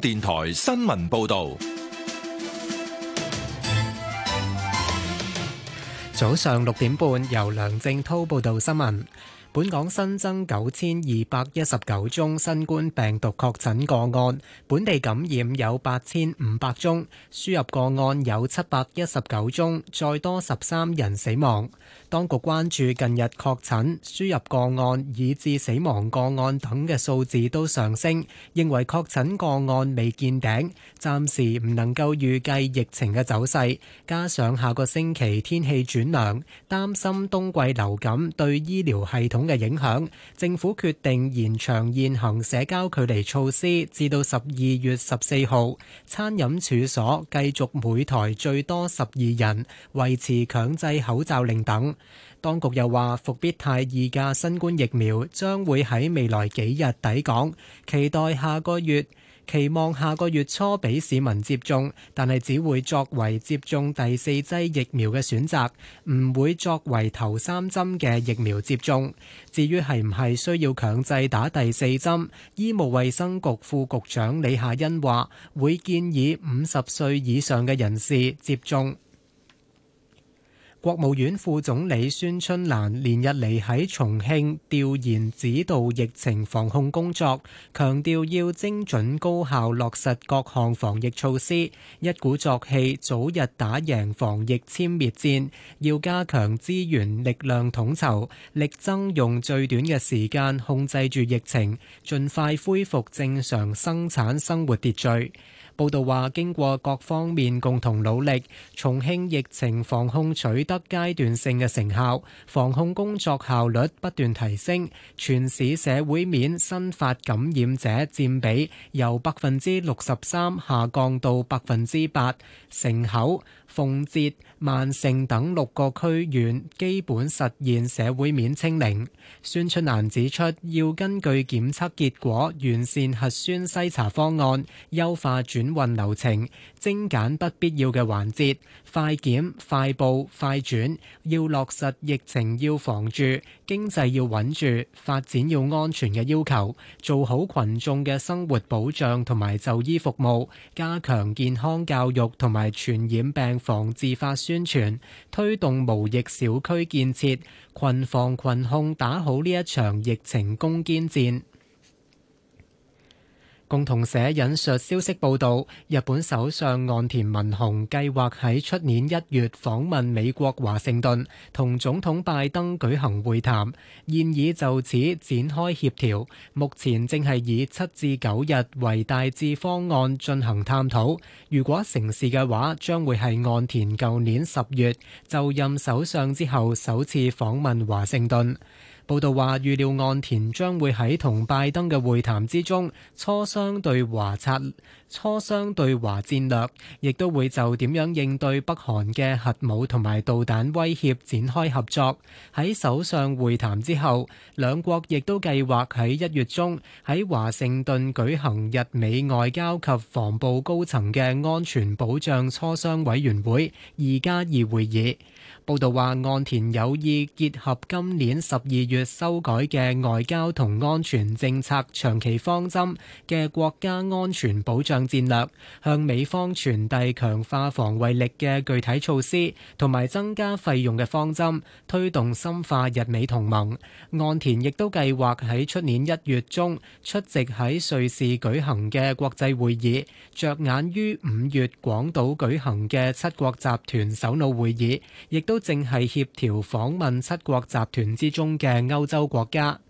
電台新聞報道：早上六點半，由梁正濤報道新聞。本港新增九千二百一十九宗新冠病毒確診個案，本地感染有八千五百宗，輸入個案有七百一十九宗，再多十三人死亡。當局關注近日確診輸入個案、以至死亡個案等嘅數字都上升，認為確診個案未見頂，暫時唔能夠預計疫情嘅走勢。加上下個星期天氣轉涼，擔心冬季流感對醫療系統嘅影響，政府決定延長現行社交距離措施至到十二月十四號，餐飲處所繼續每台最多十二人，維持強制口罩令等。當局又話，復必泰二價新冠疫苗將會喺未來幾日抵港，期待下個月，期望下個月初俾市民接種，但係只會作為接種第四劑疫苗嘅選擇，唔會作為頭三針嘅疫苗接種。至於係唔係需要強制打第四針，醫務衛生局副局長李夏欣話，會建議五十歲以上嘅人士接種。國務院副總理孫春蘭連日嚟喺重慶調研指導疫情防控工作，強調要精準高效落實各項防疫措施，一鼓作氣早日打贏防疫殲滅戰。要加強資源力量統籌，力爭用最短嘅時間控制住疫情，盡快恢復正常生產生活秩序。報道話，經過各方面共同努力，重慶疫情防控取得階段性嘅成效，防控工作效率不斷提升，全市社會面新發感染者佔比由百分之六十三下降到百分之八，城口、奉節、萬盛等六個區縣基本實現社會面清零。孫春蘭指出，要根據檢測結果完善核酸篩查方案，優化轉運流程，精簡不必要嘅環節。快檢、快報、快轉，要落實疫情要防住、經濟要穩住、發展要安全嘅要求，做好群眾嘅生活保障同埋就醫服務，加強健康教育同埋傳染病防治法宣傳，推動無疫小區建設，群防群控，打好呢一場疫情攻堅戰。共同社引述消息報道，日本首相岸田文雄計劃喺出年一月訪問美國華盛頓，同總統拜登舉行會談，現已就此展開協調，目前正係以七至九日為大致方案進行探討，如果成事嘅話，將會係岸田舊年十月就任首相之後首次訪問華盛頓。報道話，預料岸田將會喺同拜登嘅會談之中磋商對華策，磋商對華戰略，亦都會就點樣應對北韓嘅核武同埋導彈威脅展開合作。喺首相會談之後，兩國亦都計劃喺一月中喺華盛頓舉行日美外交及防部高層嘅安全保障磋商委員會二加二會議。報道話，岸田有意結合今年十二月修改嘅外交同安全政策長期方針嘅國家安全保障戰略，向美方傳遞強化防衛力嘅具體措施同埋增加費用嘅方針，推動深化日美同盟。岸田亦都計劃喺出年一月中出席喺瑞士舉行嘅國際會議，着眼於五月廣島舉行嘅七國集團首腦會議。亦都正係協調訪問七國集團之中嘅歐洲國家。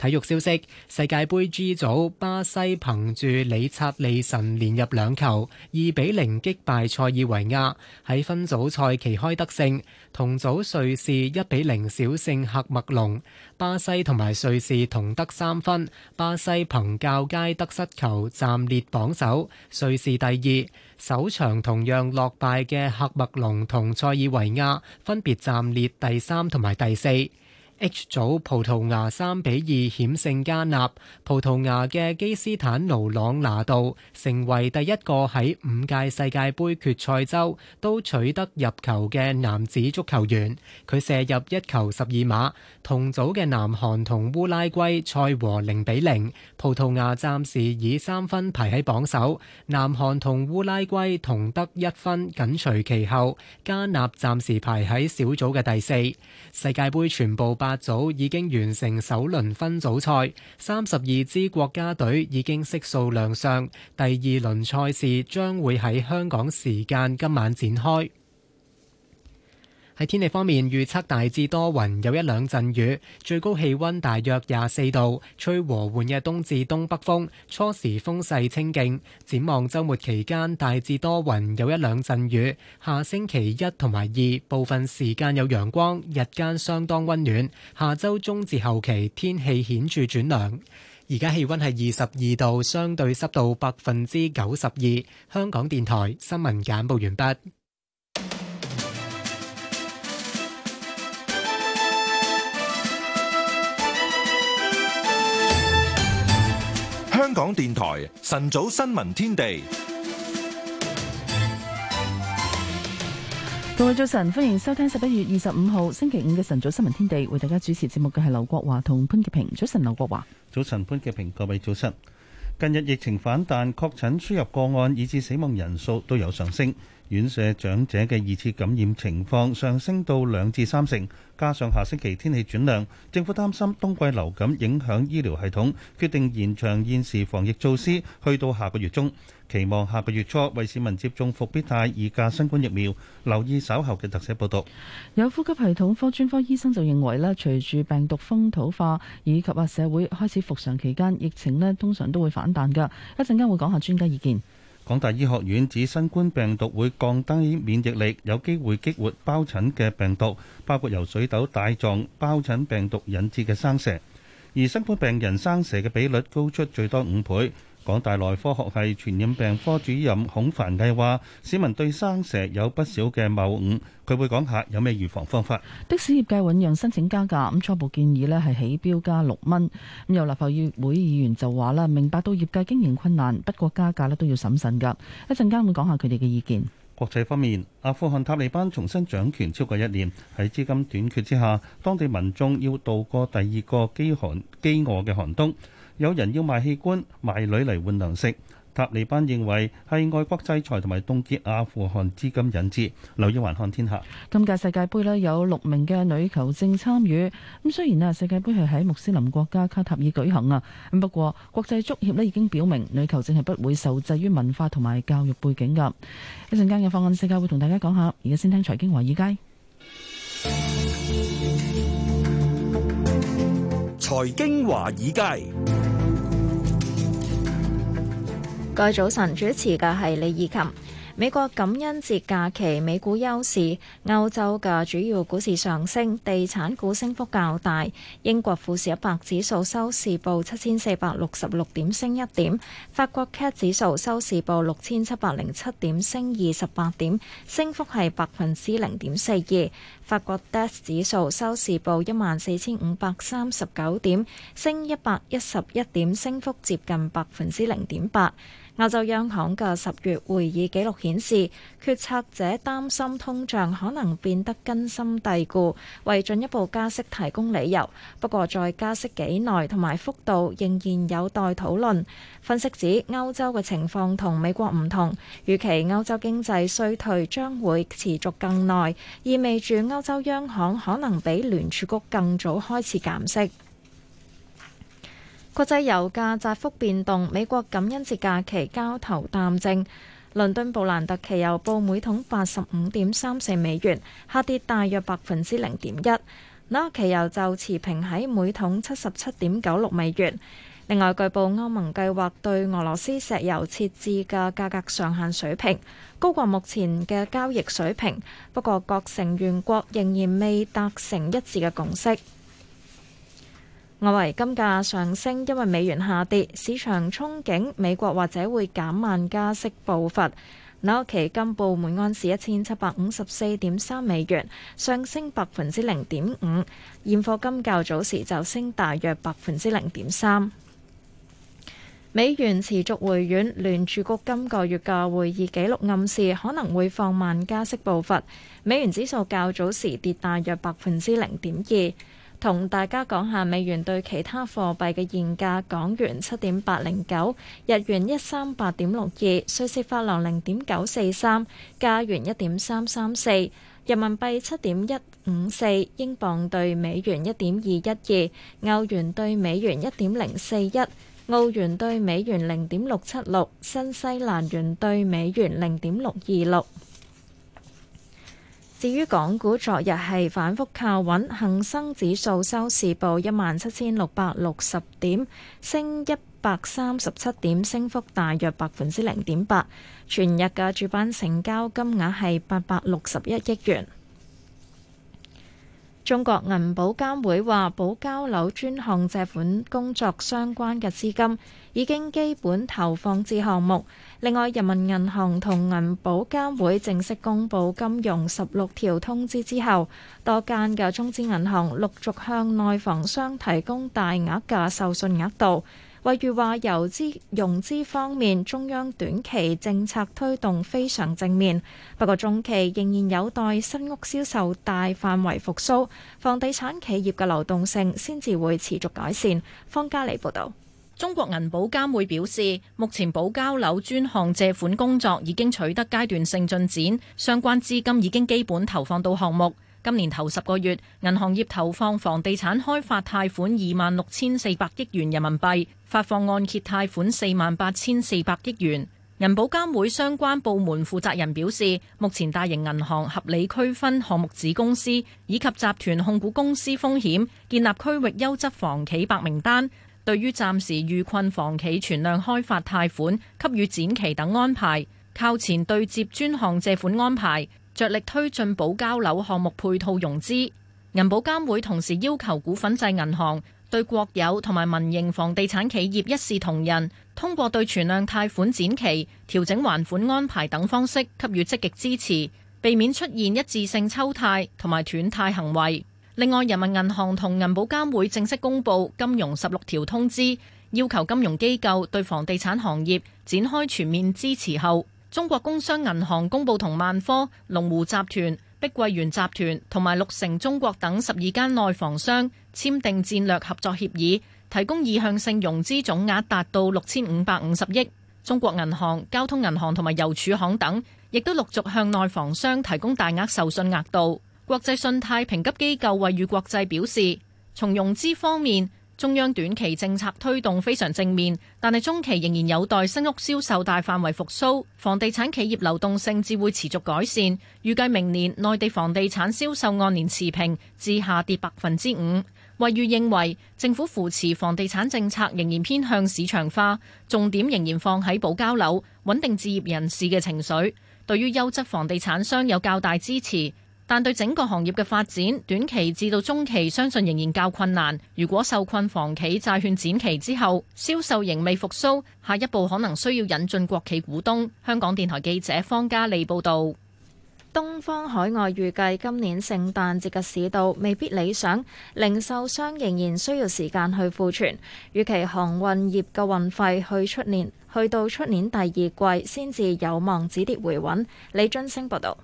體育消息：世界盃 G 組，巴西憑住理察利臣連入兩球，二比零擊敗塞爾維亞，喺分組賽旗開得勝。同組瑞士一比零小勝喀麥隆，巴西同埋瑞士同得三分。巴西憑較佳得失球暫列榜首，瑞士第二。首場同樣落敗嘅喀麥隆同塞爾維亞分別暫列第三同埋第四。H 組葡萄牙三比二險勝加納，葡萄牙嘅基斯坦奴朗拿度成為第一個喺五屆世界盃決賽周都取得入球嘅男子足球員，佢射入一球十二碼，同組嘅南韓同烏拉圭賽和零比零，葡萄牙暫時以三分排喺榜首，南韓同烏拉圭同得一分緊隨其後，加納暫時排喺小組嘅第四。世界盃全部八組已經完成首輪分組賽，三十二支國家隊已經悉數亮相。第二輪賽事將會喺香港時間今晚展開。喺天氣方面，預測大致多雲，有一兩陣雨，最高氣温大約廿四度，吹和緩嘅東至東北風，初時風勢清勁。展望周末期間，大致多雲，有一兩陣雨。下星期一同埋二，部分時間有陽光，日間相當温暖。下周中至後期，天氣顯著轉涼。而家氣温係二十二度，相對濕度百分之九十二。香港電台新聞簡報完畢。香港電台晨早新聞天地，各位早晨，歡迎收聽十一月二十五號星期五嘅晨早新聞天地，為大家主持節目嘅係劉國華同潘潔平。早晨，劉國華。早晨，潘潔平。各位早晨。近日疫情反彈，確診輸入個案以至死亡人數都有上升。院舍長者嘅二次感染情況上升到兩至三成，加上下星期天氣轉涼，政府擔心冬季流感影響醫療系統，決定延長現時防疫措施去到下個月中，期望下個月初為市民接種復必泰二價新冠疫苗。留意稍後嘅特寫報道。有呼吸系統科專科醫生就認為咧，隨住病毒風土化以及話社會開始復常期間疫情咧通常都會反彈噶一陣間會講下專家意見。港大醫學院指新冠病毒會降低免疫力，有機會激活皰疹嘅病毒，包括由水痘帶狀皰疹病毒引致嘅生蛇，而新冠病人生蛇嘅比率高出最多五倍。港大內科學系傳染病科主任孔凡毅話：市民對生蛇有不少嘅誤誤，佢會講下有咩預防方法。的士業界允讓申請加價，咁初步建議咧係起標加六蚊。咁有立法會議員就話啦，明白到業界經營困難，不過加價咧都要審慎㗎。一陣間會講下佢哋嘅意見。國際方面，阿富汗塔利班重新掌權超過一年，喺資金短缺之下，當地民眾要度過第二個飢寒飢餓嘅寒冬。有人要賣器官、賣女嚟換糧食。塔利班認為係外國制裁同埋凍結阿富汗資金引致。留意環看天下。今屆世界杯咧，有六名嘅女球證參與。咁雖然咧世界杯係喺穆斯林國家卡塔爾舉行啊，咁不過國際足協咧已經表明女球證係不會受制於文化同埋教育背景噶。一陣間嘅放眼世界會同大家講下。而家先聽財經華爾街。財經華爾街。各位早晨，主持嘅係李怡琴。美國感恩節假期，美股休市，歐洲嘅主要股市上升，地產股升幅較大。英國富時一百指數收市報七千四百六十六點，升一點。法國 CAC 指數收市報六千七百零七點，升二十八點，升幅係百分之零點四二。法國 DAX 指數收市報一萬四千五百三十九點，升一百一十一點，升幅接近百分之零點八。歐洲央行嘅十月會議記錄顯示，決策者擔心通脹可能變得根深蒂固，為進一步加息提供理由。不過，再加息幾耐同埋幅度仍然有待討論。分析指歐洲嘅情況同美國唔同，預期歐洲經濟衰退將會持續更耐，意味住歐洲央行可能比聯儲局更早開始減息。國際油價窄幅變動，美國感恩節假期交投淡靜。倫敦布蘭特期油報每桶八十五點三四美元，下跌大約百分之零點一。那期油就持平喺每桶七十七點九六美元。另外，據報歐盟計劃對俄羅斯石油設置嘅價格上限水平高過目前嘅交易水平，不過各成員國仍然未達成一致嘅共識。外圍金價上升，因為美元下跌，市場憧憬美國或者會減慢加息步伐。紐約期金報每盎司一千七百五十四點三美元，上升百分之零點五。現貨金較早時就升大約百分之零點三。美元持續回軟，聯儲局今個月嘅會議紀錄暗示可能會放慢加息步伐。美元指數較早時跌大約百分之零點二。同大家講下美元對其他貨幣嘅現價：港元七點八零九，日元一三八點六二，瑞士法郎零點九四三，加元一點三三四，人民幣七點一五四，英鎊對美元一點二一二，歐元對美元一點零四一，澳元對美元零點六七六，新西蘭元對美元零點六二六。至於港股昨日係反覆靠穩，恒生指數收市報一萬七千六百六十點，升一百三十七點，升幅大約百分之零點八。全日嘅主板成交金額係八百六十一億元。中國銀保監會話，保交樓專項借款工作相關嘅資金已經基本投放至項目。另外，人民銀行同銀保監會正式公布《金融十六條》通知之後，多間嘅中資銀行陸續向內房商提供大額嘅授信額度。惠譽話，由資融資方面，中央短期政策推動非常正面，不過中期仍然有待新屋銷售大範圍復甦，房地產企業嘅流動性先至會持續改善。方嘉莉報道。中國銀保監會表示，目前保交樓專項借款工作已經取得階段性進展，相關資金已經基本投放到項目。今年頭十個月，銀行業投放房地產開發貸款二萬六千四百億元人民幣，發放按揭貸款四萬八千四百億元。銀保監會相關部門負責人表示，目前大型銀行合理區分項目子公司以及集團控股公司風險，建立區域優質房企白名單，對於暫時遇困房企存量開發貸款給予展期等安排，靠前對接專項借款安排。着力推進保交樓項目配套融資，銀保監會同時要求股份制銀行對國有同埋民營房地產企業一視同仁，通過對存量貸款展期、調整還款安排等方式給予積極支持，避免出現一致性抽貸同埋斷貸行為。另外，人民銀行同銀保監會正式公布《金融十六條通知》，要求金融機構對房地產行業展開全面支持後。中國工商銀行公布同萬科、龍湖集團、碧桂園集團同埋綠城中國等十二間內房商簽訂戰略合作協議，提供意向性融資總額達到六千五百五十億。中國銀行、交通銀行同埋郵儲行等亦都陸續向內房商提供大額授信額度。國際信貸評級機構惠譽國際表示，從融資方面。中央短期政策推動非常正面，但係中期仍然有待新屋銷售大範圍復甦，房地產企業流動性至會持續改善。預計明年內地房地產銷售按年持平至下跌百分之五。惠譽認為政府扶持房地產政策仍然偏向市場化，重點仍然放喺保交樓穩定置業人士嘅情緒，對於優質房地產商有較大支持。但對整個行業嘅發展，短期至到中期，相信仍然較困難。如果受困房企債券展期之後，銷售仍未復甦，下一步可能需要引進國企股東。香港電台記者方嘉利報導。東方海外預計今年聖誕節嘅市道未必理想，零售商仍然需要時間去庫存。預期航運業嘅運費，去出年去到出年第二季先至有望止跌回穩。李津星報導。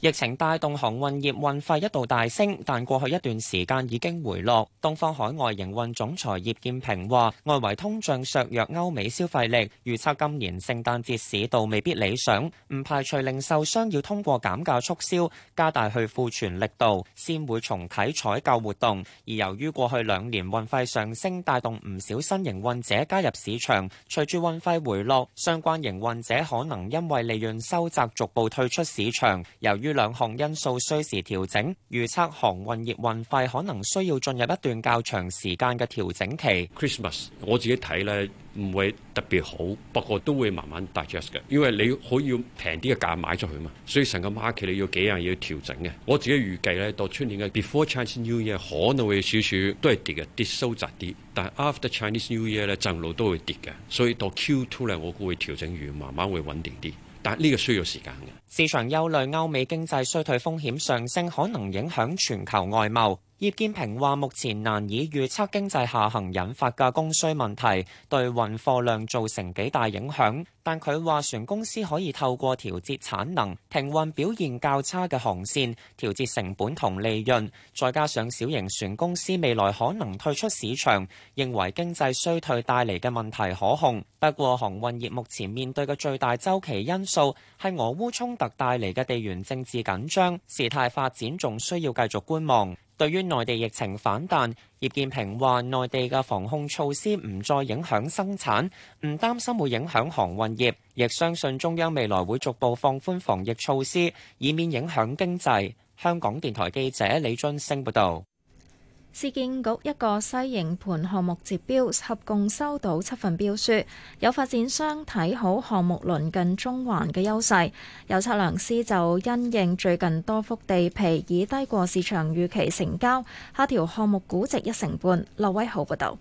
疫情帶動航運業運費一度大升，但過去一段時間已經回落。東方海外營運總裁葉建平話，外圍通脹削弱歐美消費力，預測今年聖誕節市道未必理想。唔排除零售商要通過減價促銷、加大去庫存力度，先會重啟採購活動。而由於過去兩年運費上升，帶動唔少新營運者加入市場。隨住運費回落，相關營運者可能因為利潤收窄，逐步退出市場。由於兩項因素需時調整，預測航運業運費可能需要進入一段較長時間嘅調整期。Christmas 我自己睇咧唔會特別好，不過都會慢慢 digest 嘅，因為你可以平啲嘅價買出去嘛。所以成個 market 你要幾樣嘢要調整嘅。我自己預計咧到出年嘅 Before Chinese New Year 可能會少少都係跌嘅，跌收窄啲。但 After Chinese New Year 咧正路都會跌嘅，所以到 Q2 咧我會調整完，慢慢會穩定啲。但呢個需要時間嘅。市場憂慮歐美經濟衰退風險上升，可能影響全球外貿。葉建平話：目前難以預測經濟下行引發嘅供需問題對運貨量造成幾大影響，但佢話船公司可以透過調節產能、停運表現較差嘅航線，調節成本同利潤，再加上小型船公司未來可能退出市場，認為經濟衰退帶嚟嘅問題可控。不過，航運業目前面對嘅最大週期因素係俄烏衝突帶嚟嘅地緣政治緊張，事態發展仲需要繼續觀望。對於內地疫情反彈，葉建平話：內地嘅防控措施唔再影響生產，唔擔心會影響航運業，亦相信中央未來會逐步放寬防疫措施，以免影響經濟。香港電台記者李俊升報導。市建局一個西營盤項目接標，合共收到七份標書。有發展商睇好項目鄰近中環嘅優勢，有測量師就因應最近多幅地皮已低過市場預期成交，下調項目估值一成半。劉威豪報導。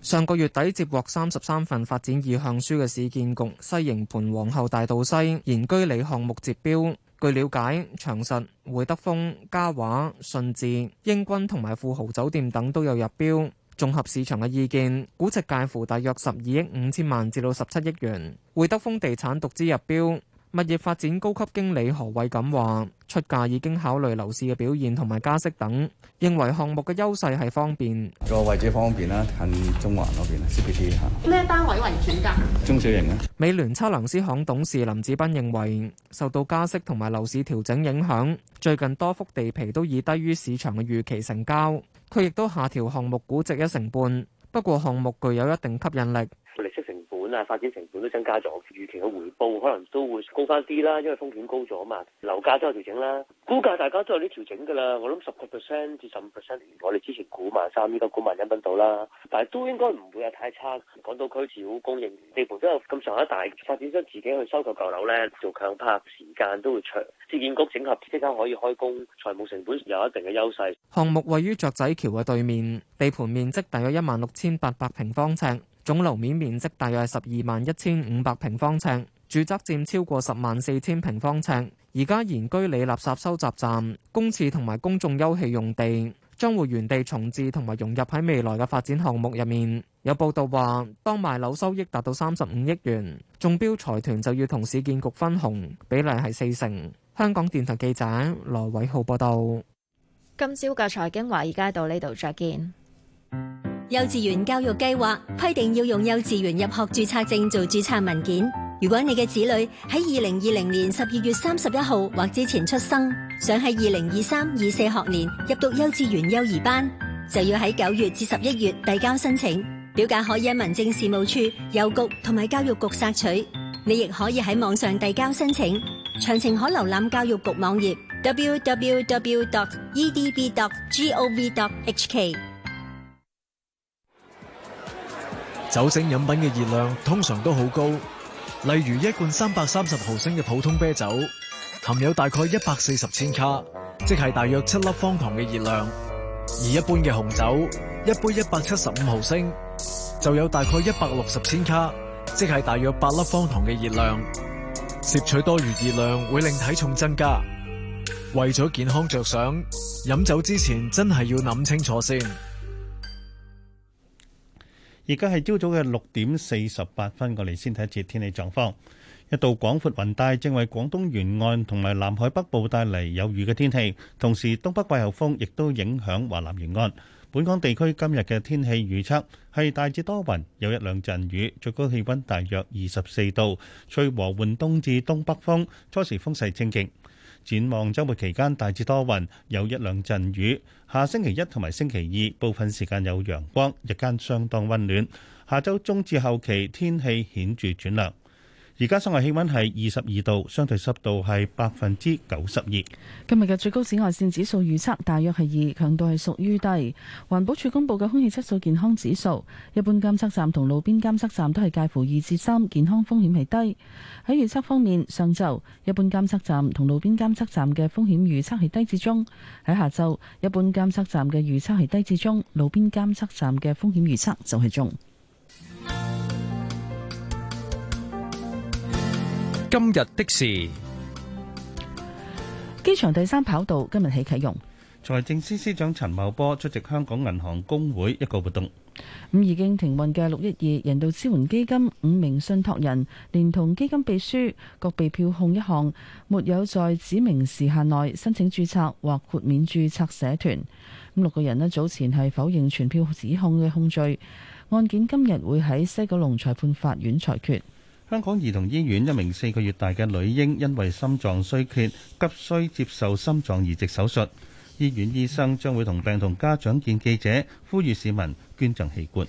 上個月底接獲三十三份發展意向書嘅市建局西營盤皇后大道西賢居里項目接標。據了解，長實、會德豐、嘉華、信置、鷹君同埋富豪酒店等都有入標。綜合市場嘅意見，估值介乎大約十二億五千萬至到十七億元。會德豐地產獨資入標。物業發展高級經理何偉錦話，出價已經考慮樓市嘅表現同埋加息等，認為項目嘅優勢係方便，位置方便啦，近中環嗰邊呢 CBD 吓咩單位為主噶？中小型啊。美聯測量師行董，董事林子斌認為，受到加息同埋樓市調整影響，最近多幅地皮都以低於市場嘅預期成交。佢亦都下調項目估值一成半，不過項目具有一定吸引力。發展成本都增加咗，預期嘅回報可能都會高翻啲啦，因為風險高咗嘛。樓價都有調整啦，股價大家都有啲調整噶啦。我諗十 percent 至十五 percent，我哋之前估萬三，依家估萬一蚊到啦。但係都應該唔會有太差。港島區自屋供應，地盤都有咁上下大，發展商自己去收購舊樓咧，做強拍時間都會長。市建局整合即刻可以開工，財務成本有一定嘅優勢。項目位於雀仔橋嘅對面，地盤面積大約一萬六千八百平方尺。總樓面面積大約係十二萬一千五百平方尺，住宅佔超過十萬四千平方尺。而家現居里垃圾收集站、公廁同埋公眾休憩用地將會原地重置，同埋融入喺未來嘅發展項目入面。有報道話，當賣樓收益達到三十五億元，中標財團就要同市建局分紅，比例係四成。香港電台記者羅偉浩報道。今朝嘅財經華爾街到呢度再見。幼稚園教育計劃規定要用幼稚園入學注冊證做注冊文件。如果你嘅子女喺二零二零年十二月三十一號或之前出生，想喺二零二三二四學年入讀幼稚園幼兒班，就要喺九月至十一月遞交申請。表格可以喺民政事務處、郵局同埋教育局索取。你亦可以喺網上遞交申請。詳情可瀏覽教育局網頁 www.edb.gov.hk。酒精飲品嘅熱量通常都好高，例如一罐三百三十毫升嘅普通啤酒，含有大概一百四十千卡，即係大約七粒方糖嘅熱量；而一般嘅紅酒，一杯一百七十五毫升就有大概一百六十千卡，即係大約八粒方糖嘅熱量。攝取多餘熱量會令體重增加，為咗健康着想，飲酒之前真係要諗清楚先。而家係朝早嘅六點四十八分，我哋先睇一節天氣狀況。一道廣闊雲帶正為廣東沿岸同埋南海北部帶嚟有雨嘅天氣，同時東北季候風亦都影響華南沿岸。本港地區今日嘅天氣預測係大致多雲，有一兩陣雨，最高氣溫大約二十四度，吹和緩東至東北風，初時風勢清勁。展望周末期間大致多雲，有一兩陣雨。下星期一同埋星期二部分時間有陽光，日間相當溫暖。下周中至後期天氣顯著轉涼。而家室外氣溫係二十二度，相對濕度係百分之九十二。今日嘅最高紫外線指數預測大約係二，強度係屬於低。環保署公布嘅空氣質素健康指數，一般監測站同路邊監測站都係介乎二至三，健康風險係低。喺預測方面，上晝一般監測站同路邊監測站嘅風險預測係低至中；喺下晝，一般監測站嘅預測係低至中，路邊監測站嘅風險預測就係中。今日的事，機場第三跑道今日起啟用。財政司司長陳茂波出席香港銀行公會一個活動。咁已經停運嘅六一二人道支援基金五名信託人，連同基金秘書各被票控一項，沒有在指明時限內申請註冊或豁免註冊社團。咁六個人呢早前係否認傳票指控嘅控罪，案件今日會喺西九龍裁判法院裁決。香港兒童醫院一名四個月大嘅女嬰因為心臟衰竭，急需接受心臟移植手術。醫院醫生將會同病同家長見記者，呼籲市民捐贈器官。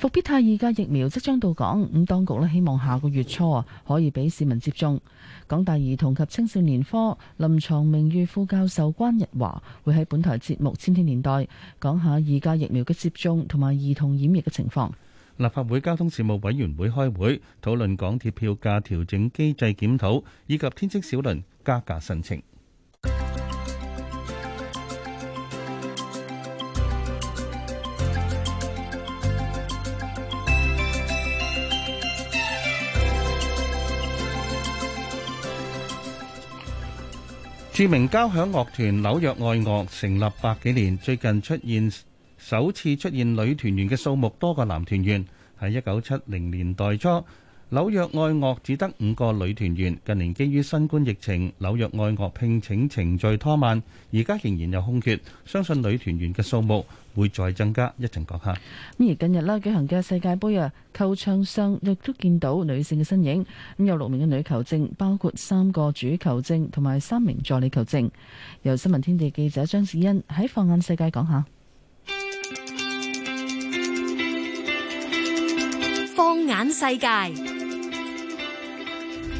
復必泰二價疫苗即將到港，咁、嗯、當局咧希望下個月初啊可以俾市民接種。港大兒童及青少年科臨床名譽副教授關日華會喺本台節目《千禧年代》講下二價疫苗嘅接種同埋兒童染疫嘅情況。立法會交通事務委員會開會，討論港鐵票價調整機制檢討以及天星小輪加價申請。著名交響樂團紐約愛樂成立百幾年，最近出現。首次出現女團員嘅數目多過男團員，喺一九七零年代初，紐約愛樂只得五個女團員。近年基於新冠疫情，紐約愛樂聘請程序拖慢，而家仍然有空缺。相信女團員嘅數目會再增加一陣閣下。咁而近日啦，舉行嘅世界盃啊，球場上亦都見到女性嘅身影。咁有六名嘅女球證，包括三個主球證同埋三名助理球證。由新聞天地記者張子欣喺放眼世界講下。放眼世界，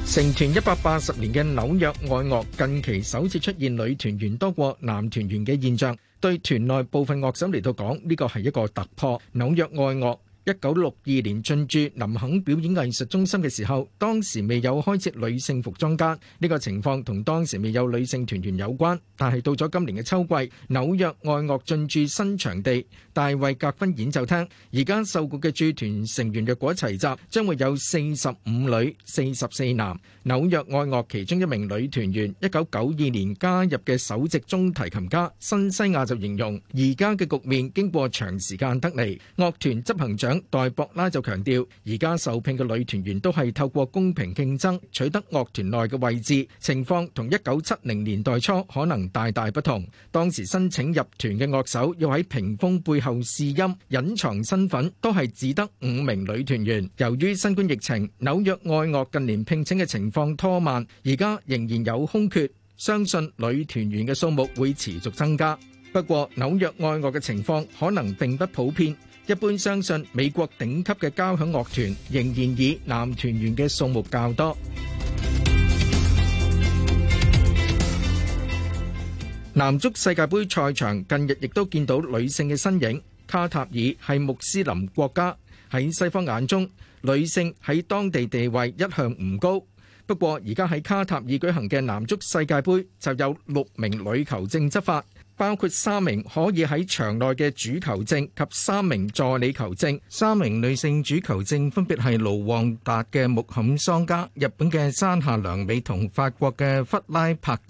成團一百八十年嘅紐約愛樂近期首次出現女團員多過男團員嘅現象，對團內部分樂手嚟到講，呢個係一個突破。紐約愛樂。一九六二年進駐林肯表演藝術中心嘅時候，當時未有開設女性服裝間，呢個情況同當時未有女性團員有關。但係到咗今年嘅秋季，紐約愛樂進駐新場地大衛格芬演奏廳，而家受僱嘅駐團成員若果齊集，將會有四十五女、四十四男。紐約愛樂其中一名女團員，一九九二年加入嘅首席中提琴家新西亞就形容：而家嘅局面經過長時間得嚟，樂團執行長戴博拉就強調，而家受聘嘅女團員都係透過公平競爭取得樂團內嘅位置，情況同一九七零年代初可能大大不同。當時申請入團嘅樂手要喺屏風背後試音，隱藏身份，都係只得五名女團員。由於新冠疫情，紐約愛樂近年聘請嘅情況拖慢，而家仍然有空缺，相信女團員嘅數目會持續增加。不過，紐約愛樂嘅情況可能並不普遍。一般相信，美國頂級嘅交響樂團仍然以男團員嘅數目較多。男足世界盃賽場近日亦都見到女性嘅身影。卡塔爾係穆斯林國家，喺西方眼中，女性喺當地地位一向唔高。不過，而家喺卡塔爾舉行嘅男足世界盃就有六名女球證執法。包括三名可以喺場內嘅主球證及三名助理球證，三名女性主球證分別係盧旺達嘅穆坎桑加、日本嘅山下良美同法國嘅弗拉帕爾。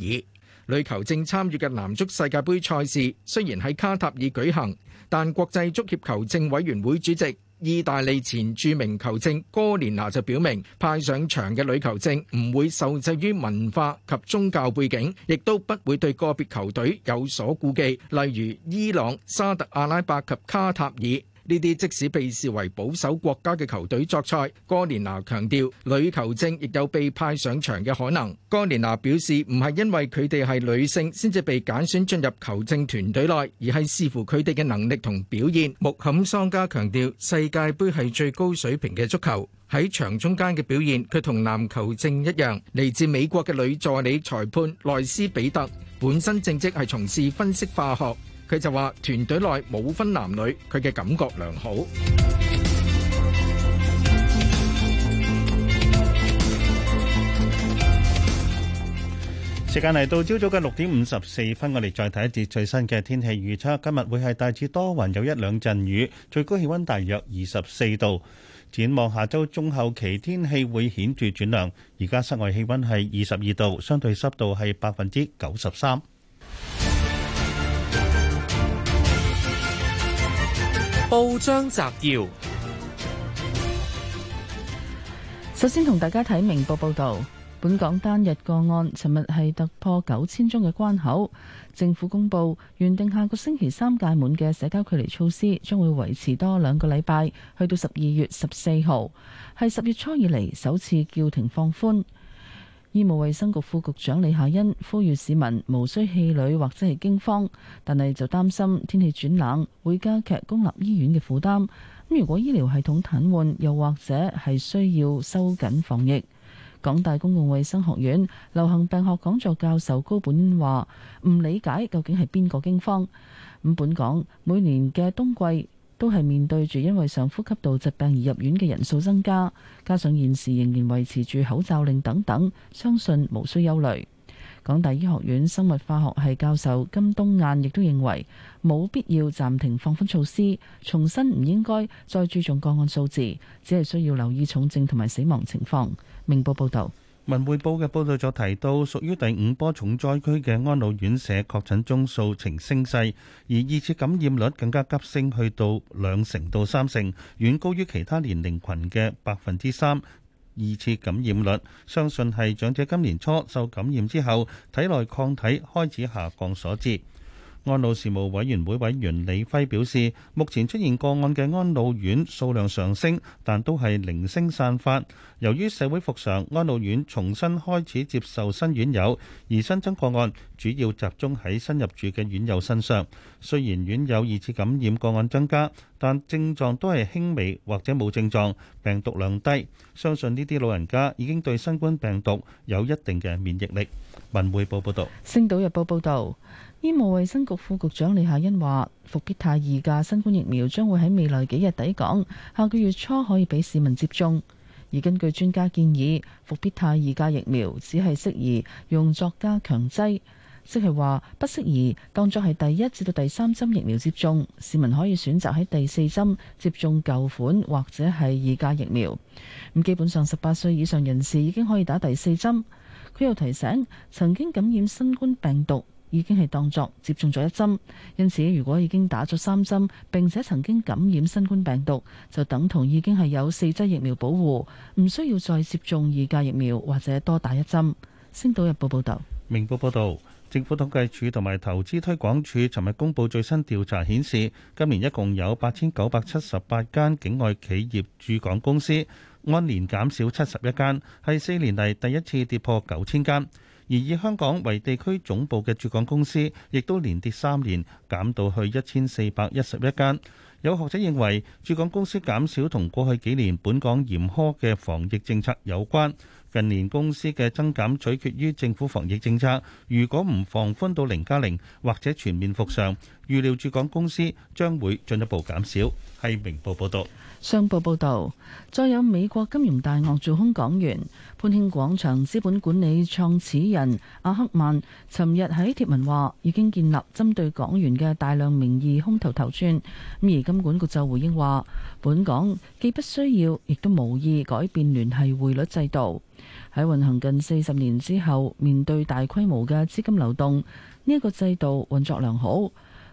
女球證參與嘅男足世界杯賽事雖然喺卡塔爾舉行，但國際足協球證委員會主席。意大利前著名球證哥連拿就表明，派上場嘅女球證唔會受制於文化及宗教背景，亦都不會對個別球隊有所顧忌，例如伊朗、沙特阿拉伯及卡塔爾。呢啲即使被視為保守國家嘅球隊作賽，戈連拿強調女球證亦有被派上場嘅可能。戈連拿表示，唔係因為佢哋係女性先至被揀選進入球證團隊內，而係視乎佢哋嘅能力同表現。穆坎桑加強調，世界盃係最高水平嘅足球，喺場中間嘅表現，佢同男球證一樣。嚟自美國嘅女助理裁判萊斯比特本身正職係從事分析化學。佢就話團隊內冇分男女，佢嘅感覺良好。時間嚟到朝早嘅六點五十四分，我哋再睇一次最新嘅天氣預測。今日會係大致多雲，有一兩陣雨，最高氣溫大約二十四度。展望下周中後期，天氣會顯著轉涼。而家室外氣溫係二十二度，相對濕度係百分之九十三。報章摘要：首先同大家睇明報報道，本港單日個案尋日係突破九千宗嘅關口，政府公布原定下個星期三屆滿嘅社交距離措施將會維持多兩個禮拜，去到十二月十四號係十月初以嚟首次叫停放寬。醫務衛生局副局長李夏茵呼籲市民無需氣餒或者係驚慌，但係就擔心天氣轉冷會加劇公立醫院嘅負擔。如果醫療系統癱瘓，又或者係需要收緊防疫。港大公共衛生學院流行病學講座教授高本恩話：唔理解究竟係邊個驚慌。咁本港每年嘅冬季都係面對住因為上呼吸道疾病而入院嘅人數增加，加上現時仍然維持住口罩令等等，相信無需憂慮。港大醫學院生物化學系教授金冬雁亦都認為，冇必要暫停放寬措施，重申唔應該再注重個案數字，只係需要留意重症同埋死亡情況。明報報道。文匯報嘅報道就提到，屬於第五波重災區嘅安老院舍確診宗數呈升勢，而二次感染率更加急升，去到兩成到三成，遠高於其他年齡群嘅百分之三。二次感染率，相信係長者今年初受感染之後，體內抗體開始下降所致。安老事務委員會委員李輝表示，目前出現個案嘅安老院數量上升，但都係零星散發。由於社會復常，安老院重新開始接受新院友，而新增個案主要集中喺新入住嘅院友身上。雖然院友二次感染個案增加，但症狀都係輕微或者冇症狀，病毒量低。相信呢啲老人家已經對新冠病毒有一定嘅免疫力。文匯報報道。《星島日報》報道。醫務衛生局副局長李夏茵話：復必泰二價新冠疫苗將會喺未來幾日抵港，下個月初可以俾市民接種。而根據專家建議，復必泰二價疫苗只係適宜用作加強劑，即係話不適宜當作係第一至到第三針疫苗接種。市民可以選擇喺第四針接種舊款或者係二價疫苗。咁基本上十八歲以上人士已經可以打第四針。佢又提醒，曾經感染新冠病毒，已經係當作接種咗一針，因此如果已經打咗三針，並且曾經感染新冠病毒，就等同已經係有四劑疫苗保護，唔需要再接種二價疫苗或者多打一針。星島日報報道。明報報道，政府統計處同埋投資推廣處尋日公佈最新調查顯示，今年一共有八千九百七十八間境外企業駐港公司，按年減少七十一間，係四年嚟第一次跌破九千間。而以香港為地區總部嘅駐港公司，亦都連跌三年，減到去一千四百一十一間。有學者認為，駐港公司減少同過去幾年本港嚴苛嘅防疫政策有關。近年公司嘅增減取決於政府防疫政策，如果唔放寬到零加零或者全面復常。預料住港公司將會進一步減少，係明報報道。商報報道，再有美國金融大鱷做空港元。潘興廣場資本管理創始人阿克曼，尋日喺貼文話已經建立針對港元嘅大量名義空頭頭寸。咁而金管局就回應話，本港既不需要，亦都無意改變聯繫匯率制度。喺運行近四十年之後，面對大規模嘅資金流動，呢、這、一個制度運作良好。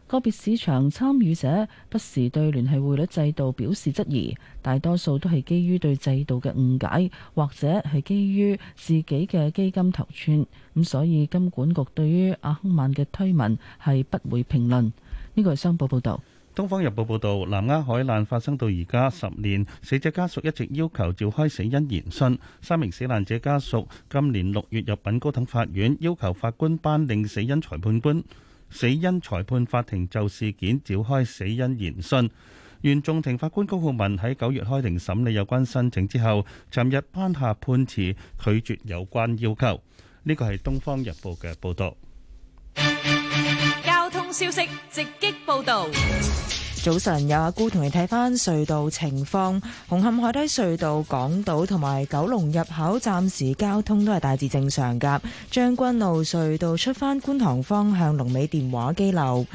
個別市場參與者不時對聯繫匯率制度表示質疑，大多數都係基於對制度嘅誤解，或者係基於自己嘅基金頭寸。咁所以金管局對於阿亨曼嘅推文係不會評論。呢個係商報報導。《東方日報》報導，南丫海難發生到而家十年，死者家屬一直要求召開死因研訊。三名死難者家屬今年六月入稟高等法院，要求法官頒令死因裁判官，死因裁判法庭就事件召開死因研訊，原訟庭法官高浩文喺九月開庭審理有關申請之後，尋日頒下判詞，拒絕有關要求。呢個係《東方日報》嘅報道。交通消息直擊報道。早晨，有阿姑同你睇返隧道情況。紅磡海底隧道港島同埋九龍入口暫時交通都係大致正常噶。將軍路隧道出返觀塘方向龍尾電話機樓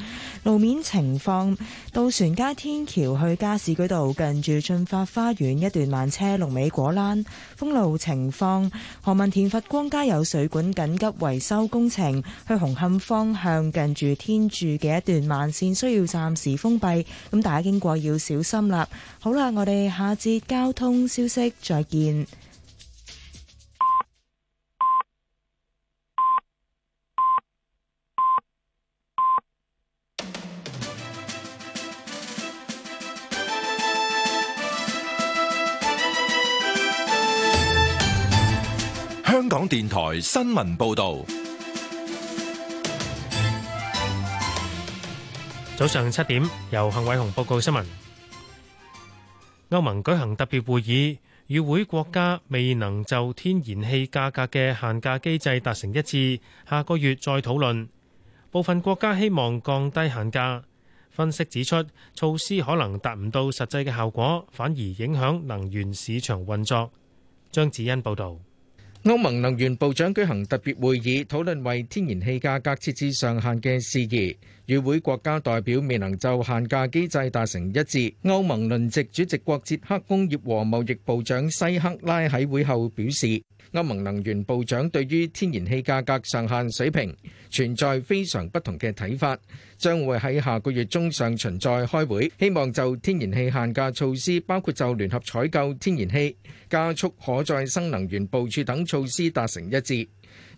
路面情況。渡船街天橋去加士居道近住駿發花園一段慢車龍尾果欄。封路情況，何文田佛光街有水管緊急維修工程，去紅磡方向近住天柱嘅一段慢線需要暫時封閉，咁大家經過要小心啦。好啦，我哋下節交通消息再見。香港電台新聞報道，早上七點由幸偉雄報告新聞。歐盟舉行特別會議，與會國家未能就天然氣價格嘅限價機制達成一致，下個月再討論。部分國家希望降低限價。分析指出，措施可能達唔到實際嘅效果，反而影響能源市場運作。張子欣報道。歐盟能源部長舉行特別會議，討論為天然氣價格設置上限嘅事宜。與會國家代表未能就限價機制達成一致。歐盟輪值主席國捷克工業和貿易部長西克拉喺會後表示，歐盟能源部長對於天然氣價格上限水平存在非常不同嘅睇法，將會喺下個月中上旬再開會，希望就天然氣限價措施，包括就聯合採購天然氣、加速可再生能源部署等措施達成一致。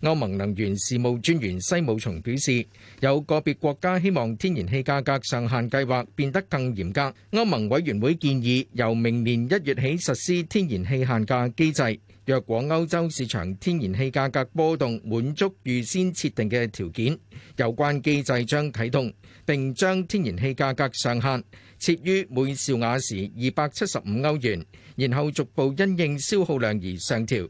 歐盟能源事務專員西姆松表示，有個別國家希望天然氣價格上限計劃變得更嚴格。歐盟委員會建議由明年一月起實施天然氣限價機制，若果歐洲市場天然氣價格波動滿足預先設定嘅條件，有關機制將啟動，並將天然氣價格上限設於每兆瓦時二百七十五歐元，然後逐步因應消耗量而上調。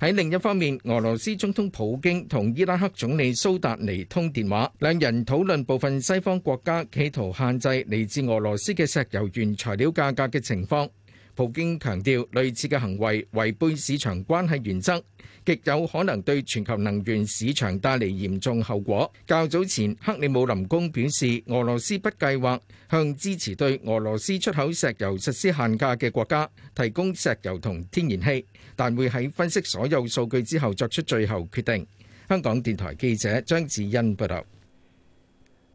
喺另一方面，俄羅斯總統普京同伊拉克總理蘇達尼通電話，兩人討論部分西方國家企圖限制嚟自俄羅斯嘅石油原材料價格嘅情況。普京強調，類似嘅行為違背市場關係原則，極有可能對全球能源市場帶嚟嚴重後果。較早前，克里姆林宮表示，俄羅斯不計劃向支持對俄羅斯出口石油實施限價嘅國家提供石油同天然氣，但會喺分析所有數據之後作出最後決定。香港電台記者張子欣報道。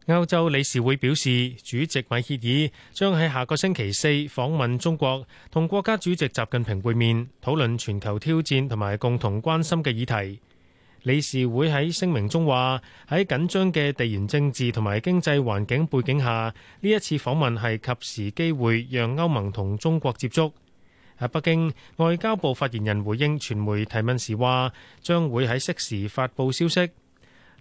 歐洲理事會表示，主席米歇爾將喺下個星期四訪問中國，同國家主席習近平會面，討論全球挑戰同埋共同關心嘅議題。理事會喺聲明中話，喺緊張嘅地緣政治同埋經濟環境背景下，呢一次訪問係及時機會，讓歐盟同中國接觸。喺北京，外交部發言人回應傳媒提問時話，將會喺適時發布消息。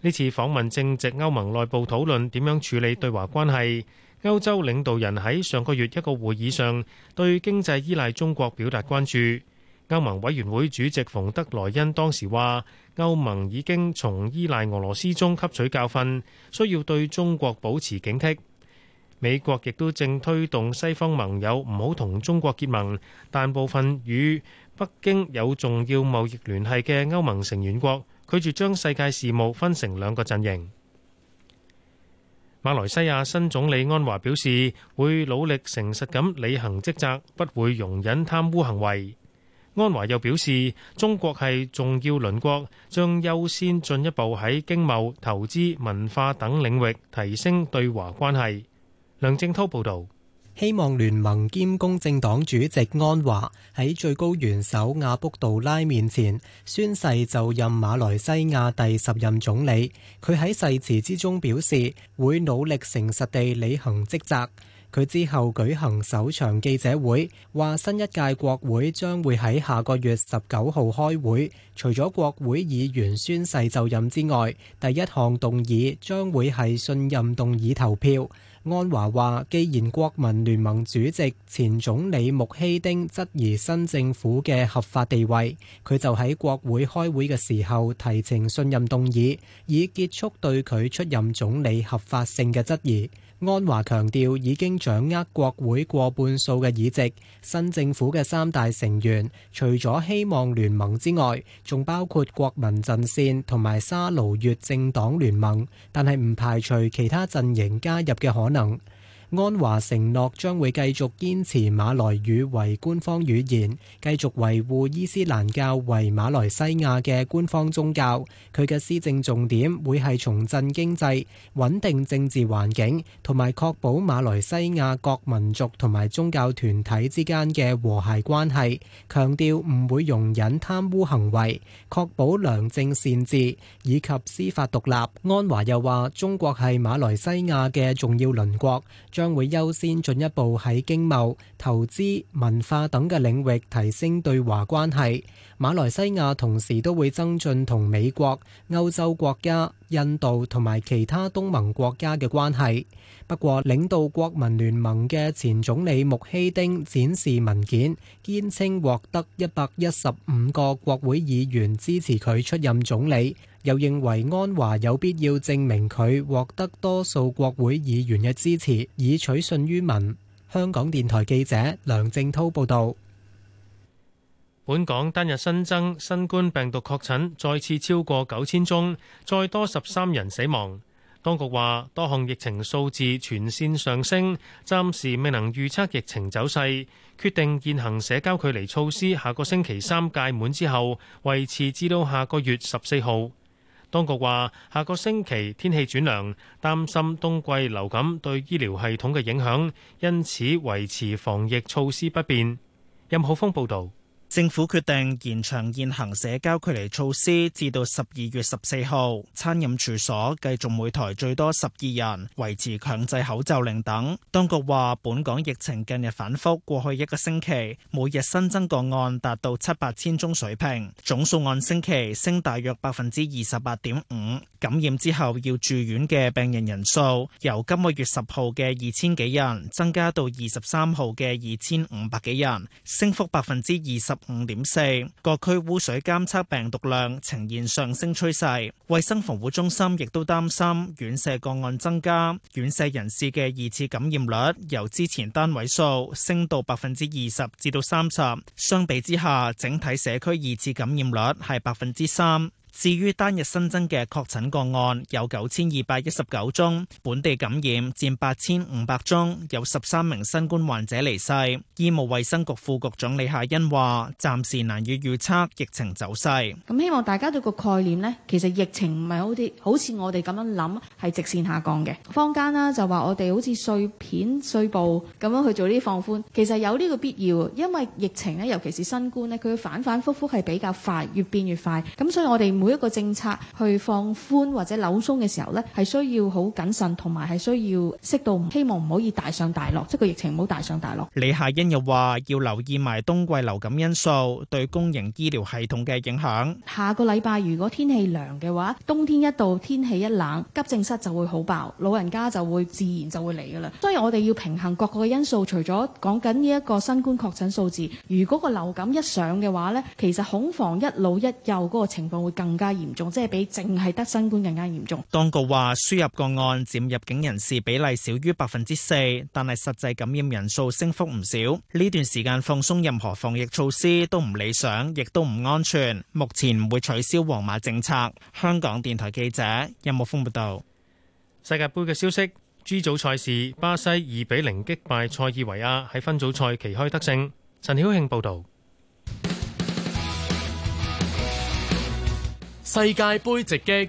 呢次訪問正值歐盟內部討論點樣處理對華關係。歐洲領導人喺上個月一個會議上對經濟依賴中國表達關注。歐盟委員會主席馮德萊恩當時話，歐盟已經從依賴俄羅斯中吸取教訓，需要對中國保持警惕。美國亦都正推動西方盟友唔好同中國結盟，但部分與北京有重要貿易聯繫嘅歐盟成員國，拒絕將世界事務分成兩個陣營。馬來西亞新總理安華表示，會努力誠實咁履行職責，不會容忍貪污行為。安華又表示，中國係重要鄰國，將優先進一步喺經貿、投資、文化等領域提升對華關係。梁正濤報導。希望聯盟兼公正黨主席安華喺最高元首阿卜杜拉面前宣誓就任馬來西亞第十任總理。佢喺誓詞之中表示會努力誠實地履行職責。佢之後舉行首場記者會，話新一屆國會將會喺下個月十九號開會。除咗國會議員宣誓就任之外，第一項動議將會係信任動議投票。安華話，既然國民聯盟主席前總理穆希丁質疑新政府嘅合法地位，佢就喺國會開會嘅時候提呈信任動議，以結束對佢出任總理合法性嘅質疑。安華強調已經掌握國會過半數嘅議席，新政府嘅三大成員除咗希望聯盟之外，仲包括國民陣線同埋沙勞越政黨聯盟，但係唔排除其他陣營加入嘅可能。安華承諾將會繼續堅持馬來語為官方語言，繼續維護伊斯蘭教為馬來西亞嘅官方宗教。佢嘅施政重點會係重振經濟、穩定政治環境，同埋確保馬來西亞各民族同埋宗教團體之間嘅和諧關係，強調唔會容忍貪污行為，確保良政善治以及司法獨立。安華又話：中國係馬來西亞嘅重要鄰國。將會優先進一步喺經貿、投資、文化等嘅領域提升對華關係。馬來西亞同時都會增進同美國、歐洲國家、印度同埋其他東盟國家嘅關係。不過領導國民聯盟嘅前總理穆希丁展示文件，堅稱獲得一百一十五個國會議員支持佢出任總理，又認為安華有必要證明佢獲得多數國會議員嘅支持，以取信於民。香港電台記者梁正濤報道。本港單日新增新冠病毒確診再次超過九千宗，再多十三人死亡。當局話多項疫情數字全線上升，暫時未能預測疫情走勢，決定現行社交距離措施下個星期三屆滿之後維持至到下個月十四號。當局話下個星期天氣轉涼，擔心冬季流感對醫療系統嘅影響，因此維持防疫措施不變，任浩峰報道。政府決定延長現行社交距離措施，至到十二月十四號。餐飲處所繼續每台最多十二人，維持強制口罩令等。當局話，本港疫情近日反覆，過去一個星期每日新增個案達到七八千宗水平，總數按星期升大約百分之二十八點五。感染之後要住院嘅病人人數，由今個月十號嘅二千幾人，增加到二十三號嘅二千五百幾人，升幅百分之二十。五點四，4，各區污水監測病毒量呈現上升趨勢。衛生防護中心亦都擔心院舍個案增加，院舍人士嘅二次感染率由之前單位數升到百分之二十至到三十。相比之下，整體社區二次感染率係百分之三。至於單日新增嘅確診個案有九千二百一十九宗，本地感染佔八千五百宗，有十三名新冠患者離世。醫務衛生局副局長李夏茵話：暫時難以預測疫情走勢。咁希望大家對個概念呢，其實疫情唔係好似好似我哋咁樣諗係直線下降嘅。坊間啦就話我哋好似碎片碎步咁樣去做啲放寬，其實有呢個必要，因為疫情咧，尤其是新冠咧，佢反反覆覆係比較快，越變越快。咁所以我哋每一個政策去放寬或者扭鬆嘅時候呢，係需要好謹慎，同埋係需要適度，希望唔可以大上大落，即係個疫情唔好大上大落。李夏欣又話要留意埋冬季流感因素對公營醫療系統嘅影響。下個禮拜如果天氣涼嘅話，冬天一到天氣一冷，急症室就會好爆，老人家就會自然就會嚟噶啦。所以我哋要平衡各個嘅因素，除咗講緊呢一個新冠確診數字，如果個流感一上嘅話呢，其實恐防一老一幼嗰個情況會更。更加嚴重，即係比淨係得新冠更加嚴重。當局話輸入個案佔入境人士比例少於百分之四，但係實際感染人數升幅唔少。呢段時間放鬆任何防疫措施都唔理想，亦都唔安全。目前唔會取消黃碼政策。香港電台記者任木峰報道。世界盃嘅消息，G 組賽事巴西二比零擊敗塞爾維亞，喺分組賽旗開得勝。陳曉慶報道。世界盃直擊，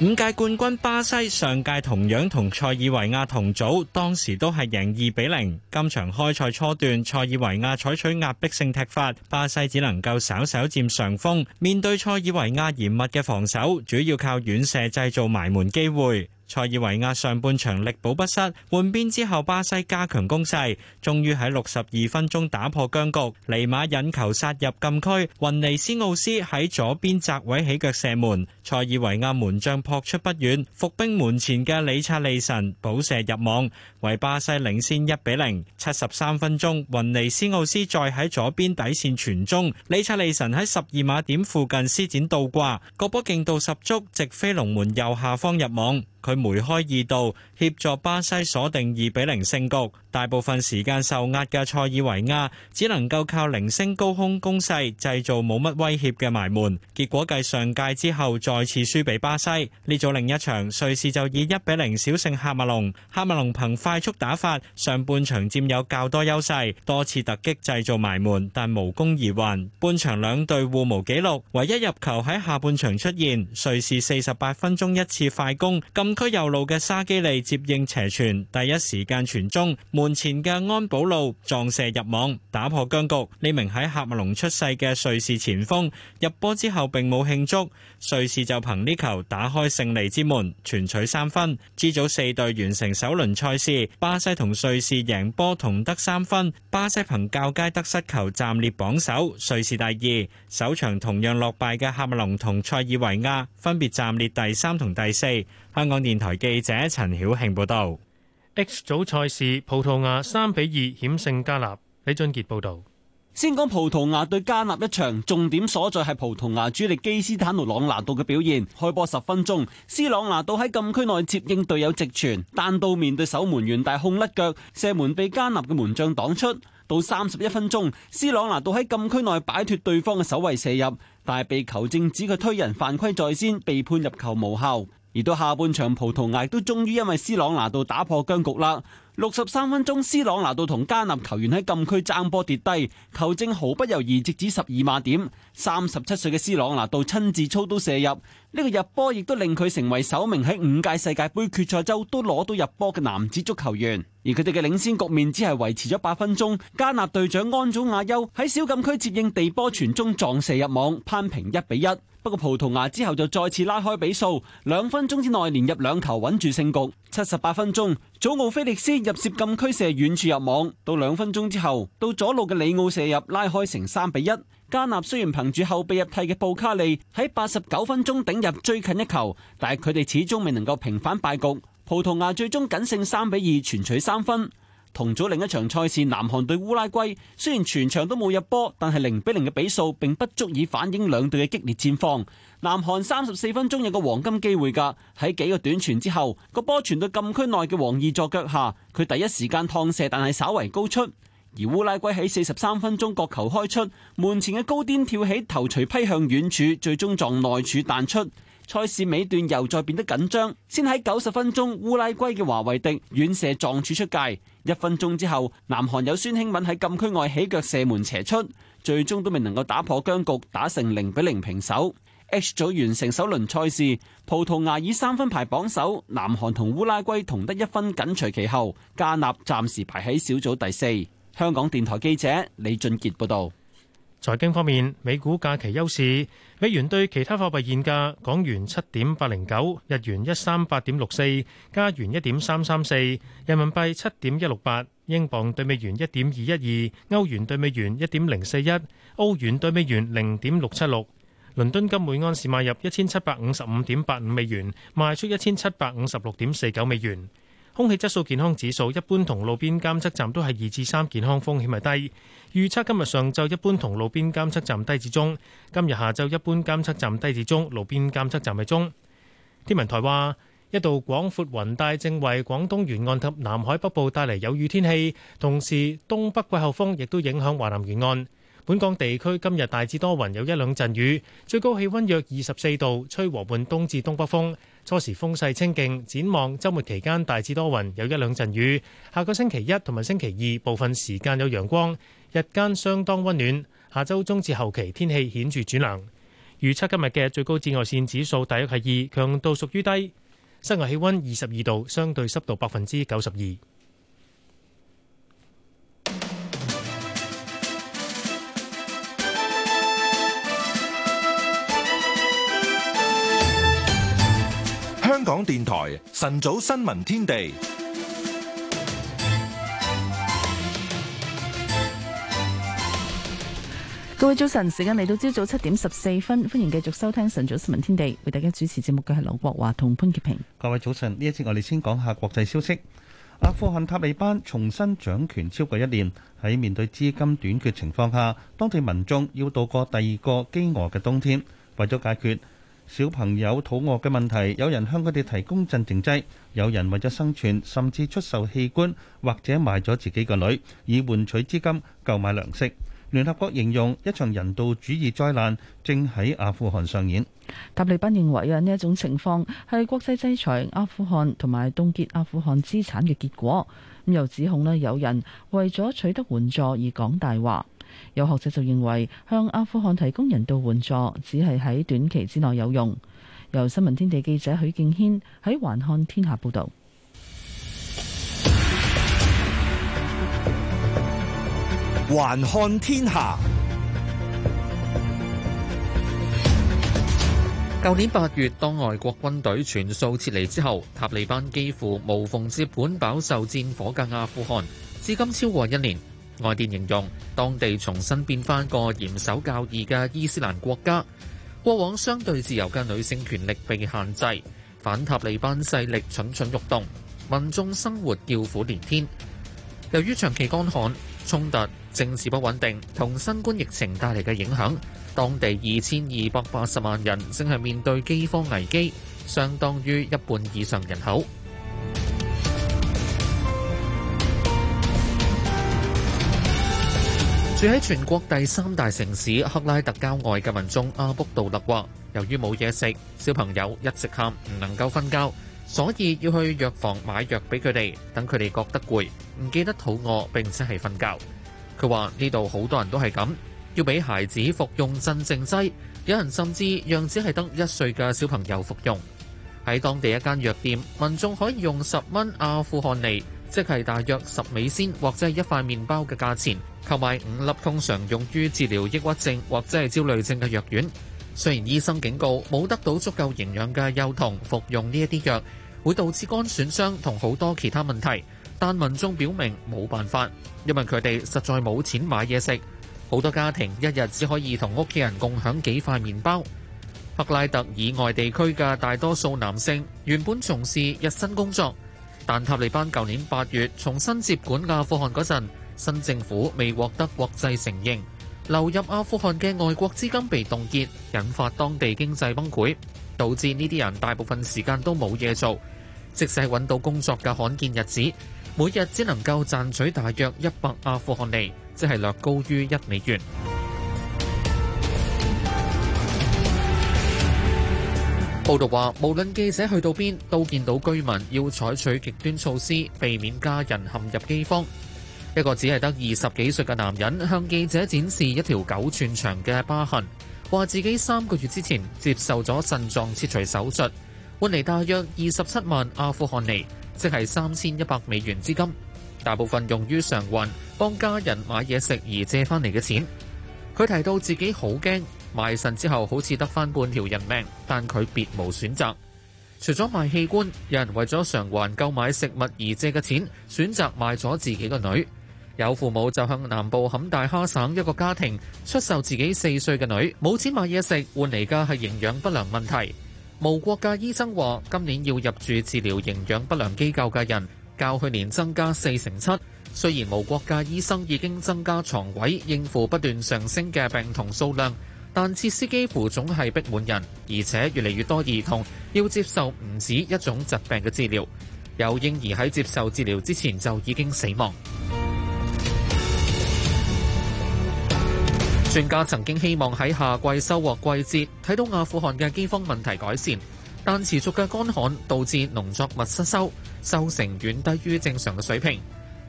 五屆冠軍巴西上屆同樣同塞爾維亞同組，當時都係贏二比零。今場開賽初段，塞爾維亞採取壓迫性踢法，巴西只能夠稍稍佔上風。面對塞爾維亞嚴密嘅防守，主要靠遠射製造埋門機會。塞爾維亞上半場力保不失，換邊之後巴西加強攻勢，終於喺六十二分鐘打破僵局。尼馬引球殺入禁區，雲尼斯奧斯喺左邊窄位起腳射門，塞爾維亞門將撲出不遠，伏兵門前嘅里察利神補射入網，為巴西領先一比零。七十三分鐘，雲尼斯奧斯再喺左邊底線傳中，里察利神喺十二碼點附近施展倒掛，個波勁度十足，直飛龍門右下方入網。佢梅開二度協助巴西鎖定二比零勝局。大部分時間受壓嘅塞爾維亞只能夠靠零星高空攻勢製造冇乜威脅嘅埋門。結果繼上屆之後再次輸俾巴西。呢組另一場，瑞士就以一比零小勝喀麥隆。喀麥隆憑快速打法上半場佔有較多優勢，多次突擊製造埋門，但無功而還。半場兩隊互無紀錄，唯一入球喺下半場出現。瑞士四十八分鐘一次快攻，今區右路嘅沙基利接應斜傳，第一時間傳中，門前嘅安保路撞射入網，打破僵局。呢名喺喀麥隆出世嘅瑞士前鋒入波之後，並冇慶祝。瑞士就憑呢球打開勝利之門，全取三分。G 組四隊完成首輪賽事，巴西同瑞士贏波同得三分，巴西憑較佳得失球暫列榜首，瑞士第二。首場同樣落敗嘅喀麥隆同塞爾維亞分別暫列第三同第四。香港電台記者陳曉慶報道，H 組賽事葡萄牙三比二險勝加納。李俊傑報道，先講葡萄牙對加納一場重點所在係葡萄牙主力基斯坦奴·朗拿度嘅表現。開波十分鐘，斯朗拿度喺禁區內接應隊友直傳，但到面對守門員大控甩腳射門，被加納嘅門將擋出。到三十一分鐘，斯朗拿度喺禁區內擺脫對方嘅守衛射入，但係被球證指佢推人犯規在先，被判入球無效。而到下半場，葡萄牙都終於因為斯朗拿度打破僵局啦。六十三分鐘，斯朗拿度同加納球員喺禁區爭波跌低，球證毫不猶豫直指十二碼點。三十七歲嘅斯朗拿度親自操刀射入，呢個入波亦都令佢成為首名喺五屆世界盃決賽周都攞到入波嘅男子足球員。而佢哋嘅領先局面只係維持咗八分鐘，加納隊長安祖亞優喺小禁區接應地波傳中撞射入網，攀平一比一。不過葡萄牙之後就再次拉開比數，兩分鐘之內連入兩球穩住勝局。七十八分鐘，祖奧菲力斯入楔禁區射遠處入網。到兩分鐘之後，到左路嘅里奧射入拉開成三比一。加納雖然憑住後備入替嘅布卡利喺八十九分鐘頂入最近一球，但係佢哋始終未能夠平反敗局。葡萄牙最終僅勝三比二，全取三分。同組另一場賽事，南韓對烏拉圭，雖然全場都冇入波，但係零比零嘅比數，並不足以反映兩隊嘅激烈戰況。南韓三十四分鐘有個黃金機會，噶喺幾個短傳之後，個波傳到禁區內嘅黃義助腳下，佢第一時間趟射，但係稍為高出。而烏拉圭喺四十三分鐘，角球開出門前嘅高點跳起頭，槌批向遠處，最終撞內柱彈出。賽事尾段又再變得緊張，先喺九十分鐘，烏拉圭嘅華維迪遠射撞柱出界。一分鐘之後，南韓有孫興敏喺禁區外起腳射門斜出，最終都未能夠打破僵局，打成零比零平手。H 組完成首輪賽事，葡萄牙以三分排榜首，南韓同烏拉圭同得一分緊隨其後，加納暫時排喺小組第四。香港電台記者李俊傑報道。財經方面，美股假期休市，美元對其他貨幣現價：港元七點八零九，日元一三八點六四，加元一點三三四，人民幣七點一六八，英鎊對美元一點二一二，歐元對美元一點零四一，歐元對美元零點六七六。倫敦金每安士買入一千七百五十五點八五美元，賣出一千七百五十六點四九美元。空氣質素健康指數一般，同路邊監測站都係二至三，健康風險係低。預測今日上晝一般同路邊監測站低至中，今日下晝一般監測站低至中，路邊監測站係中。天文台話，一道廣闊雲帶正為廣東沿岸及南海北部帶嚟有雨天氣，同時東北季候風亦都影響華南沿岸。本港地區今日大致多雲，有一兩陣雨，最高氣温約二十四度，吹和緩東至東北風，初時風勢清勁。展望周末期間大致多雲，有一兩陣雨。下個星期一同埋星期二部分時間有陽光。日間相當溫暖，下周中至後期天氣顯著轉冷。預測今日嘅最高紫外線指數大約係二，強度屬於低。室外氣溫二十二度，相對濕度百分之九十二。香港電台晨早新聞天地。各位早晨，時間嚟到朝早七點十四分，歡迎繼續收聽晨早新聞天地。為大家主持節目嘅係劉國華同潘潔平。各位早晨，呢一節我哋先講下國際消息。阿富汗塔利班重新掌權超過一年，喺面對資金短缺情況下，當地民眾要度過第二個飢餓嘅冬天。為咗解決小朋友肚餓嘅問題，有人向佢哋提供鎮定劑，有人為咗生存甚至出售器官或者賣咗自己個女，以換取資金購買糧食。聯合國形容一場人道主義災難正喺阿富汗上演。塔利班認為啊，呢一種情況係國際制裁阿富汗同埋凍結阿富汗資產嘅結果。咁又指控咧，有人為咗取得援助而講大話。有學者就認為向阿富汗提供人道援助只係喺短期之內有用。由新聞天地記者許敬軒喺環看天下報導。環看天下。舊年八月，當外國軍隊全數撤離之後，塔利班幾乎無縫接盤，飽受戰火嘅阿富汗，至今超過一年。外電形容，當地重新變翻個嚴守教義嘅伊斯蘭國家。過往相對自由嘅女性權力被限制，反塔利班勢力蠢蠢欲動，民眾生活叫苦連天。由於長期乾旱，衝突、政治不穩定同新冠疫情帶嚟嘅影響，當地二千二百八十萬人正係面對飢荒危機，相當於一半以上人口。 住喺全國第三大城市克拉特郊外嘅民眾阿卜杜勒話：由於冇嘢食，小朋友一直喊，唔能夠瞓覺。所以要去藥房買藥俾佢哋，等佢哋覺得攰，唔記得肚餓，並且係瞓覺。佢話呢度好多人都係咁，要俾孩子服用鎮靜劑，有人甚至讓只係得一歲嘅小朋友服用。喺當地一間藥店，民眾可以用十蚊阿富汗尼，即係大約十美仙或者係一塊麵包嘅價錢，購買五粒通常用於治療抑鬱症或者係焦慮症嘅藥丸。雖然醫生警告冇得到足夠營養嘅幼童服用呢一啲藥，會導致肝損傷同好多其他問題，但民眾表明冇辦法，因為佢哋實在冇錢買嘢食。好多家庭一日只可以同屋企人共享幾塊麵包。赫拉特以外地區嘅大多數男性原本從事日薪工作，但塔利班舊年八月重新接管阿富汗嗰陣，新政府未獲得國際承認。流入阿富汗嘅外國資金被凍結，引發當地經濟崩潰，導致呢啲人大部分時間都冇嘢做，即使係揾到工作嘅罕見日子，每日只能夠賺取大約一百阿富汗尼，即係略高於一美元。報道話，無論記者去到邊，都見到居民要採取極端措施，避免家人陷入饑荒。一個只係得二十幾歲嘅男人向記者展示一條九寸長嘅疤痕，話自己三個月之前接受咗腎臟切除手術，換嚟大約二十七萬阿富汗尼，即係三千一百美元資金，大部分用於償還幫家人買嘢食而借翻嚟嘅錢。佢提到自己好驚賣腎之後好似得翻半條人命，但佢別無選擇。除咗賣器官，有人為咗償還購買食物而借嘅錢，選擇賣咗自己個女。有父母就向南部坎大哈省一個家庭出售自己四歲嘅女，冇錢買嘢食，換嚟嘅係營養不良問題。無國界醫生話，今年要入住治療營養不良機構嘅人較去年增加四成七。雖然無國界醫生已經增加床位應付不斷上升嘅病童數量，但設施幾乎總係逼滿人，而且越嚟越多兒童要接受唔止一種疾病嘅治療。有嬰兒喺接受治療之前就已經死亡。專家曾經希望喺夏季收穫季節睇到阿富汗嘅饑荒問題改善，但持續嘅乾旱導致農作物失收，收成遠低於正常嘅水平。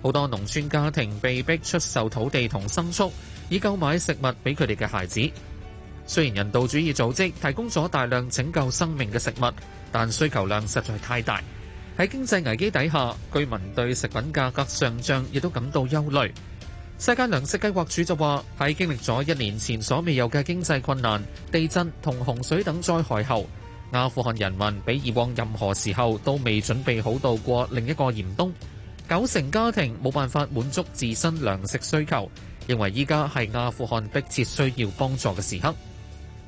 好多農村家庭被迫出售土地同牲畜，以購買食物俾佢哋嘅孩子。雖然人道主義組織提供咗大量拯救生命嘅食物，但需求量實在太大。喺經濟危機底下，居民對食品價格上漲亦都感到憂慮。世界糧食計劃署就話：喺經歷咗一年前所未有嘅經濟困難、地震同洪水等災害後，阿富汗人民比以往任何時候都未準備好度過另一個嚴冬。九成家庭冇辦法滿足自身糧食需求，認為依家係阿富汗迫切需要幫助嘅時刻。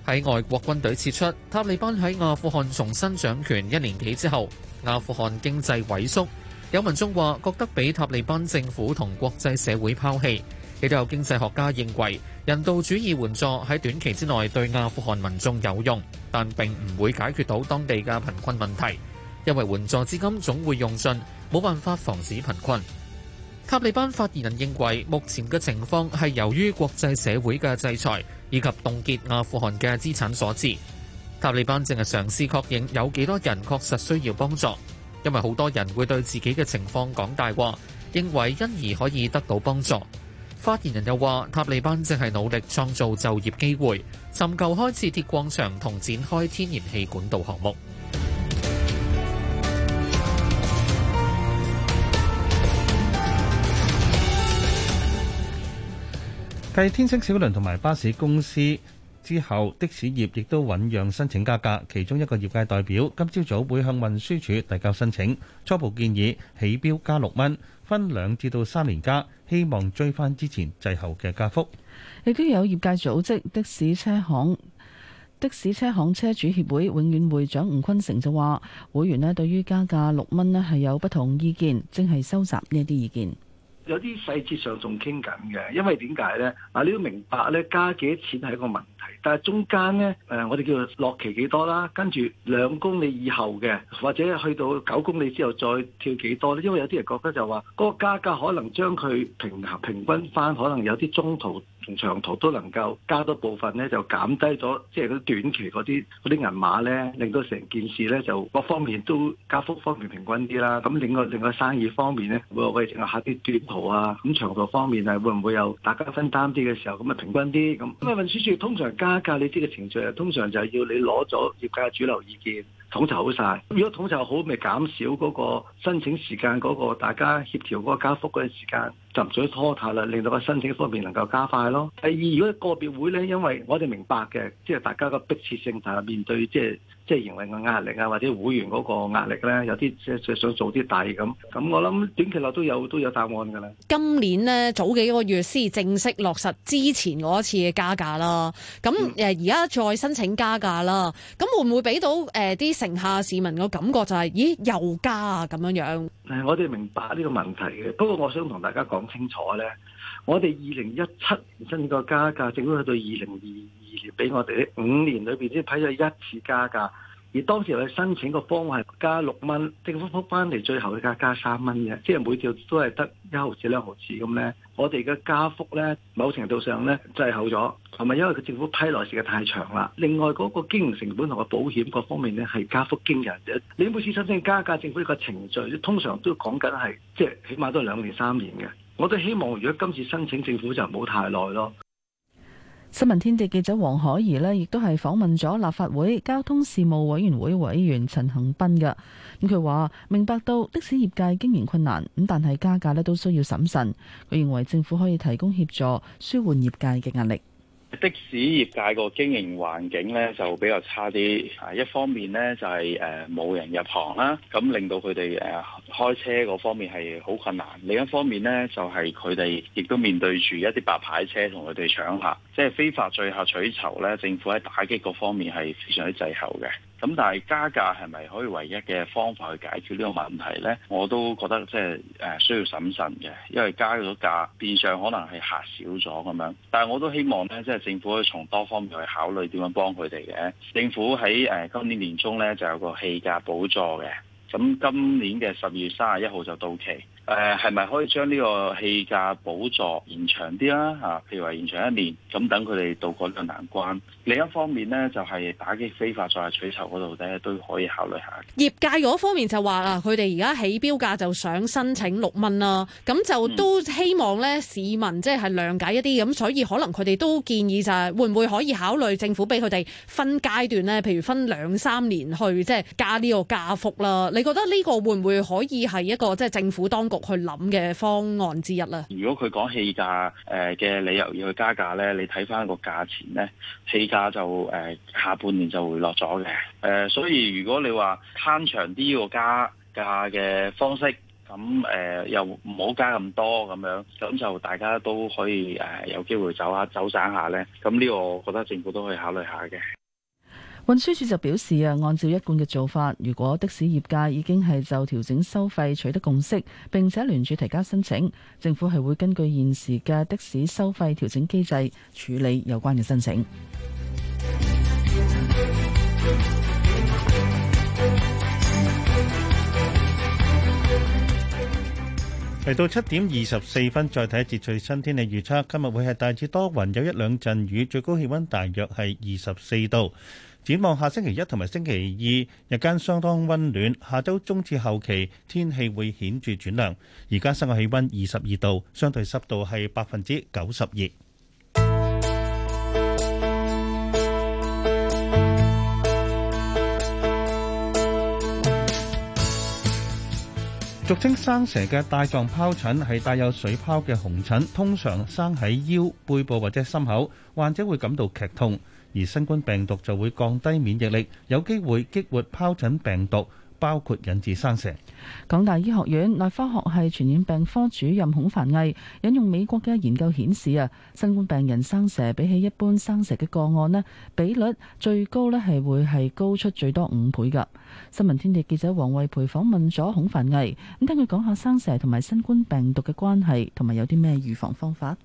喺外國軍隊撤出、塔利班喺阿富汗重新掌權一年幾之後，阿富汗經濟萎縮。有民眾話覺得畀塔利班政府同國際社會拋棄，亦都有經濟學家認為人道主義援助喺短期之內對阿富汗民眾有用，但並唔會解決到當地嘅貧困問題，因為援助資金總會用盡，冇辦法防止貧困。塔利班發言人認為目前嘅情況係由於國際社會嘅制裁以及凍結阿富汗嘅資產所致。塔利班正係嘗試確認有幾多人確實需要幫助。因為好多人會對自己嘅情況講大話，認為因而可以得到幫助。發言人又話，塔利班正係努力創造就業機會，尋求開設鐵礦場同展開天然氣管道項目。繼天星小輪同埋巴士公司。之後的士業亦都醞釀申請加價，其中一個業界代表今朝早會向運輸署遞交申請，初步建議起標加六蚊，分兩至到三年加，希望追翻之前滯後嘅加幅。亦都有業界組織的士車行的士車行車主協會永遠會長吳坤成就話，會員咧對於加價六蚊咧係有不同意見，正係收集呢啲意見。有啲細節上仲傾緊嘅，因為點解呢？嗱，你都明白咧，加幾多錢係一個問題。但係中間咧，誒，我哋叫做落旗幾多啦，跟住兩公里以後嘅，或者去到九公里之後再跳幾多咧？因為有啲人覺得就話，嗰個價格可能將佢平衡、平均翻，可能有啲中途同長途都能夠加多部分咧，就減低咗，即係啲短期嗰啲啲銀碼咧，令到成件事咧就各方面都加幅方面平均啲啦。咁另外另外生意方面咧，會唔會淨係壓下啲短途啊？咁長途方面係會唔會有大家分擔啲嘅時候咁啊？平均啲咁。咁啊，運輸署通常。加價呢啲嘅程序啊，通常就係要你攞咗業界主流意見。統籌好晒，如果統籌好，咪減少嗰個申請時間，嗰個大家協調嗰個加幅嗰陣時間就唔想拖沓啦，令到個申請方面能夠加快咯。第二，如果個別會咧，因為我哋明白嘅，即係大家個迫切性，但係面對即，即係即係營運個壓力啊，或者會員嗰個壓力咧、啊，有啲即係想做啲抵咁。咁我諗短期內都有都有答案㗎啦。今年呢，早幾個月先正式落實之前嗰一次嘅加價啦。咁誒而家再申請加價啦。咁會唔會俾到誒啲？呃城下市民個感覺就係，咦，又加啊咁樣樣。我哋明白呢個問題嘅，不過我想同大家講清楚咧，我哋二零一七年新個加價，整到去到二零二二年，俾我哋五年裏邊先批咗一次加價。而當時我哋申請個方案係加六蚊，政府覆翻嚟最後佢加加三蚊嘅，即係每條都係得一毫紙兩毫紙咁咧。我哋嘅加幅咧，某程度上咧滯後咗，係咪因為佢政府批來時間太長啦？另外嗰個經營成本同個保險嗰方面咧，係加幅驚人嘅。你每次申請加價，政府個程序通常都講緊係即係起碼都係兩年三年嘅。我都希望如果今次申請政府就唔好太耐咯。新聞天地記者黃可怡呢，亦都係訪問咗立法會交通事務委員會委員陳恒鑌㗎。咁佢話明白到的士業界經營困難，咁但係加價呢都需要審慎。佢認為政府可以提供協助，舒緩業界嘅壓力。的士業界個經營環境咧就比較差啲，啊一方面咧就係誒冇人入行啦，咁、啊、令到佢哋誒開車嗰方面係好困難；另一方面咧就係佢哋亦都面對住一啲白牌車同佢哋搶客，即係非法載客取酬咧，政府喺打擊嗰方面係非常之滯後嘅。咁但係加價係咪可以唯一嘅方法去解決呢個問題呢？我都覺得即係誒需要審慎嘅，因為加咗價變相可能係客少咗咁樣。但係我都希望呢，即係政府可以從多方面去考慮點樣幫佢哋嘅。政府喺誒今年年中呢就有個氣價補助嘅。咁今年嘅十二月三十一號就到期，誒係咪可以將呢個氣價補助延長啲啦？嚇、啊，譬如話延長一年，咁等佢哋渡過呢個難關。另一方面呢，就係、是、打擊非法載客取酬嗰度呢都可以考慮下。業界嗰方面就話啊，佢哋而家起標價就想申請六蚊啦，咁就都希望呢市民即係係諒解一啲，咁所以可能佢哋都建議就係、是、會唔會可以考慮政府俾佢哋分階段呢？譬如分兩三年去即係、就是、加呢個價幅啦。覺得呢個會唔會可以係一個即係政府當局去諗嘅方案之一咧？如果佢講氣價誒嘅理由要去加價咧，你睇翻個價錢咧，氣價就誒、呃、下半年就回落咗嘅誒，所以如果你話攤長啲個加價嘅方式，咁誒、呃、又唔好加咁多咁樣，咁就大家都可以誒、呃、有機會走下走省下咧，咁呢個我覺得政府都可以考慮下嘅。運輸署就表示啊，按照一貫嘅做法，如果的士業界已經係就調整收費取得共識，並且聯署提交申請，政府係會根據現時嘅的、的士收費調整機制處理有關嘅申請。嚟到七點二十四分，再睇一節最新天氣預測。今日會係大致多雲，有一兩陣雨，最高氣温大約係二十四度。展望下星期一同埋星期二日間相當溫暖，下周中至後期天氣會顯著轉涼。而家室外氣溫二十二度，相對濕度係百分之九十二。俗稱生蛇嘅帶狀疱疹係帶有水泡嘅紅疹，通常生喺腰、背部或者心口，患者會感到劇痛。而新冠病毒就會降低免疫力，有機會激活疱疹病毒，包括引致生蛇。港大醫學院內科學系傳染病科主任孔凡毅引用美國嘅研究顯示啊，新冠病人生蛇比起一般生蛇嘅個案呢，比率最高呢係會係高出最多五倍噶。新聞天地記者王惠培訪問咗孔凡毅，咁聽佢講下生蛇同埋新冠病毒嘅關係，同埋有啲咩預防方法。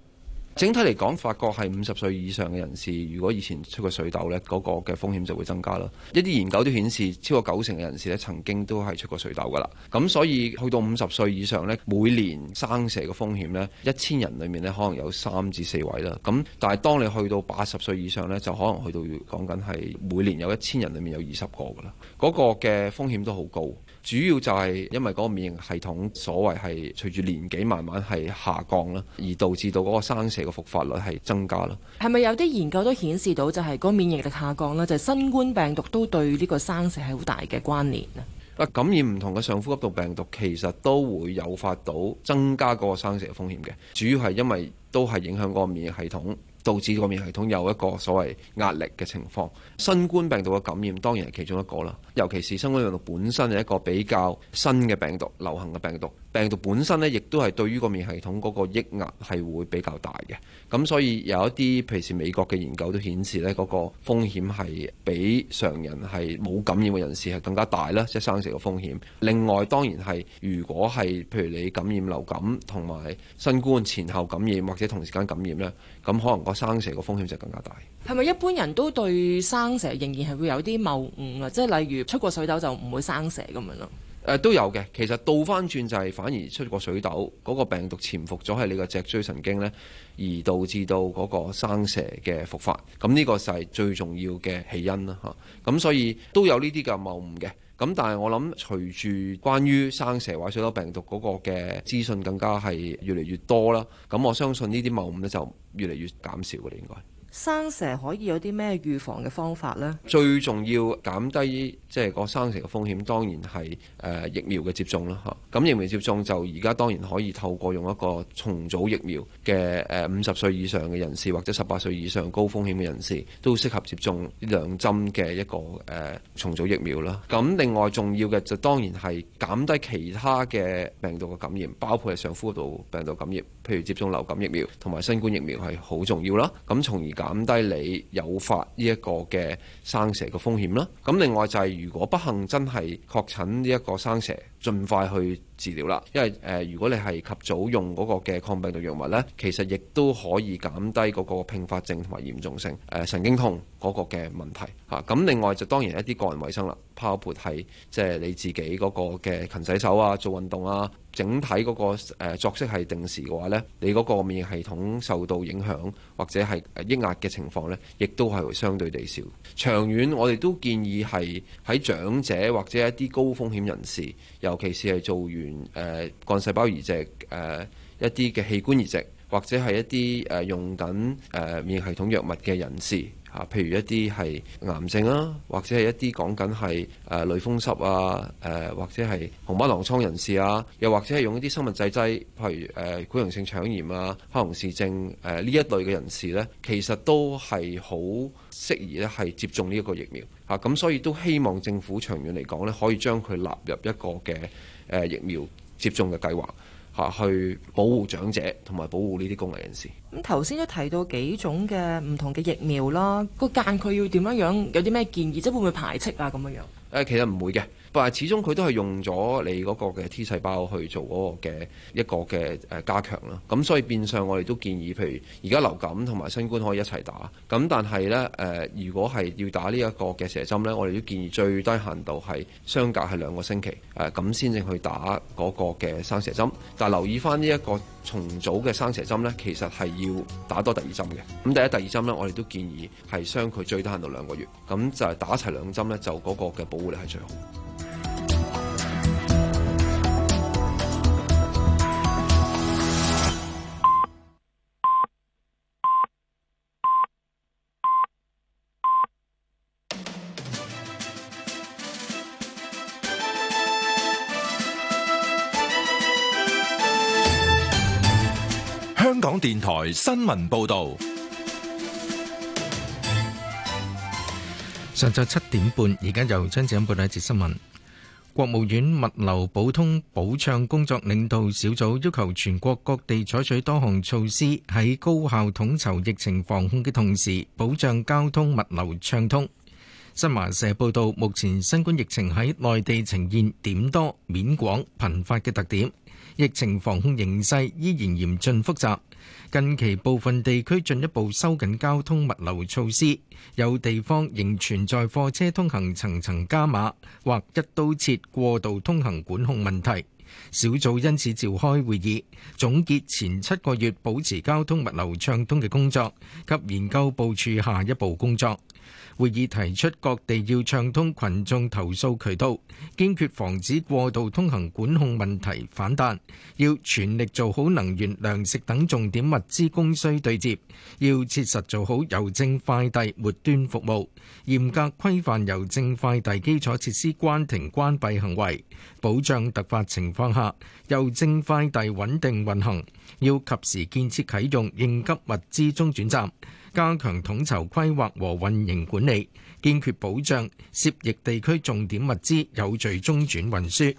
整體嚟講，發覺係五十歲以上嘅人士，如果以前出過水痘呢，嗰個嘅風險就會增加啦。一啲研究都顯示，超過九成嘅人士咧，曾經都係出過水痘噶啦。咁所以去到五十歲以上呢，每年生蛇嘅風險呢，一千人裡面呢，可能有三至四位啦。咁但係當你去到八十歲以上呢，就可能去到講緊係每年有一千人裡面有二十個噶啦，嗰個嘅風險都好高。主要就係因為嗰個免疫系統所謂係隨住年紀慢慢係下降啦，而導致到嗰個生蛇嘅復發率係增加啦。係咪有啲研究都顯示到就係嗰免疫力下降咧，就係新冠病毒都對呢個生蛇係好大嘅關聯啊？啊，感染唔同嘅上呼吸道病毒其實都會誘發到增加嗰個生蛇嘅風險嘅，主要係因為都係影響個免疫系統，導致個免疫系統有一個所謂壓力嘅情況，新冠病毒嘅感染當然係其中一個啦，尤其是新冠病毒本身係一個比較新嘅病毒、流行嘅病毒。病毒本身呢，亦都係對於個免疫系統嗰個抑壓係會比較大嘅。咁所以有一啲譬如美國嘅研究都顯示呢，嗰個風險係比常人係冇感染嘅人士係更加大啦，即係生蛇嘅風險。另外當然係如果係譬如你感染流感同埋新冠前後感染或者同時間感染呢，咁可能個生蛇嘅風險就更加大。係咪一般人都對生蛇仍然係會有啲謬誤啊？即係例如出過水痘就唔會生蛇咁樣咯？誒、呃、都有嘅，其實倒翻轉就係反而出過水痘嗰、那個病毒潛伏咗喺你個脊椎神經呢，而導致到嗰個生蛇嘅復發，咁呢個就係最重要嘅起因啦嚇。咁、啊、所以都有呢啲嘅謬誤嘅，咁但係我諗隨住關於生蛇或水痘病毒嗰個嘅資訊更加係越嚟越多啦，咁我相信呢啲謬誤呢就越嚟越減少嘅應該。生蛇可以有啲咩預防嘅方法呢？最重要減低即係、就是、個生蛇嘅風險，當然係誒、呃、疫苗嘅接種啦。咁疫苗接種就而家當然可以透過用一個重組疫苗嘅誒五十歲以上嘅人士或者十八歲以上高風險嘅人士都適合接種兩針嘅一個誒、呃、重組疫苗啦。咁、嗯、另外重要嘅就當然係減低其他嘅病毒嘅感染，包括係上呼吸道病毒感染，譬如接種流感疫苗同埋新冠疫苗係好重要啦。咁、嗯、從而，減低你誘發呢一個嘅生蛇嘅風險啦。咁另外就係，如果不幸真係確診呢一個生蛇，盡快去治療啦，因為誒、呃，如果你係及早用嗰個嘅抗病毒藥物呢，其實亦都可以減低嗰個併發症同埋嚴重性誒、呃、神經痛嗰個嘅問題嚇。咁、啊、另外就當然一啲個人衞生啦，包括係即係你自己嗰個嘅勤洗手啊、做運動啊、整體嗰、那個、呃、作息係定時嘅話呢，你嗰個免疫系統受到影響或者係抑壓嘅情況呢，亦都係會相對地少。長遠我哋都建議係喺長者或者一啲高風險人士尤其是係做完誒、呃、幹細胞移植誒、呃、一啲嘅器官移植，或者係一啲誒、呃、用緊誒、呃、免疫系統藥物嘅人士。啊，譬如一啲係癌症啊，或者係一啲講緊係誒類風濕啊，誒、呃呃、或者係紅斑狼瘡人士啊，又或者係用一啲生物製劑，譬如誒潰瘍性腸炎啊、克隆氏症誒呢、呃、一類嘅人士呢，其實都係好適宜咧，係接種呢一個疫苗嚇咁、啊啊，所以都希望政府長遠嚟講呢，可以將佢納入一個嘅誒、呃、疫苗接種嘅計劃。嚇去保護長者同埋保護呢啲公務人士。咁頭先都提到幾種嘅唔同嘅疫苗啦，個間距要點樣樣？有啲咩建議？即係會唔會排斥啊？咁樣樣？誒，其實唔會嘅。但係，始終佢都係用咗你嗰個嘅 T 細胞去做嗰個嘅一個嘅誒加強啦。咁所以變相我哋都建議，譬如而家流感同埋新冠可以一齊打。咁但係呢，誒、呃，如果係要打呢一個嘅蛇針呢，我哋都建議最低限度係相隔係兩個星期誒，咁、呃、先至去打嗰個嘅生蛇針。但係留意翻呢一個重組嘅生蛇針呢，其實係要打多第二針嘅。咁第一第二針呢，我哋都建議係相距最低限度兩個月。咁就係打齊兩針呢，就嗰個嘅保護力係最好。香港電台新聞報道：上晝七點半，而家由張子欣報道一節新聞。國務院物流保通保暢工作領導小組要求全國各地採取多項措施，喺高效統籌疫情防控嘅同時，保障交通物流暢通。新華社報道，目前新冠疫情喺內地呈現點多、面廣、頻發嘅特點，疫情防控形勢依然嚴峻複雜。近期部分地區進一步收緊交通物流措施，有地方仍存在貨車通行層層加碼或一刀切過度通行管控問題。小組因此召開會議，總結前七個月保持交通物流暢通嘅工作，及研究部署下一步工作。會議提出各地要暢通羣眾投訴渠道，堅決防止過度通行管控問題反彈；要全力做好能源、糧食等重點物資供需對接；要切實做好郵政快遞末端服務，嚴格規範郵政快遞基礎設施關停關閉行為，保障突發情況下郵政快遞穩定運行；要及時建設啟用應急物資中轉站。加強統籌規劃和運營管理，堅決保障涉疫地區重點物資有序中轉運輸。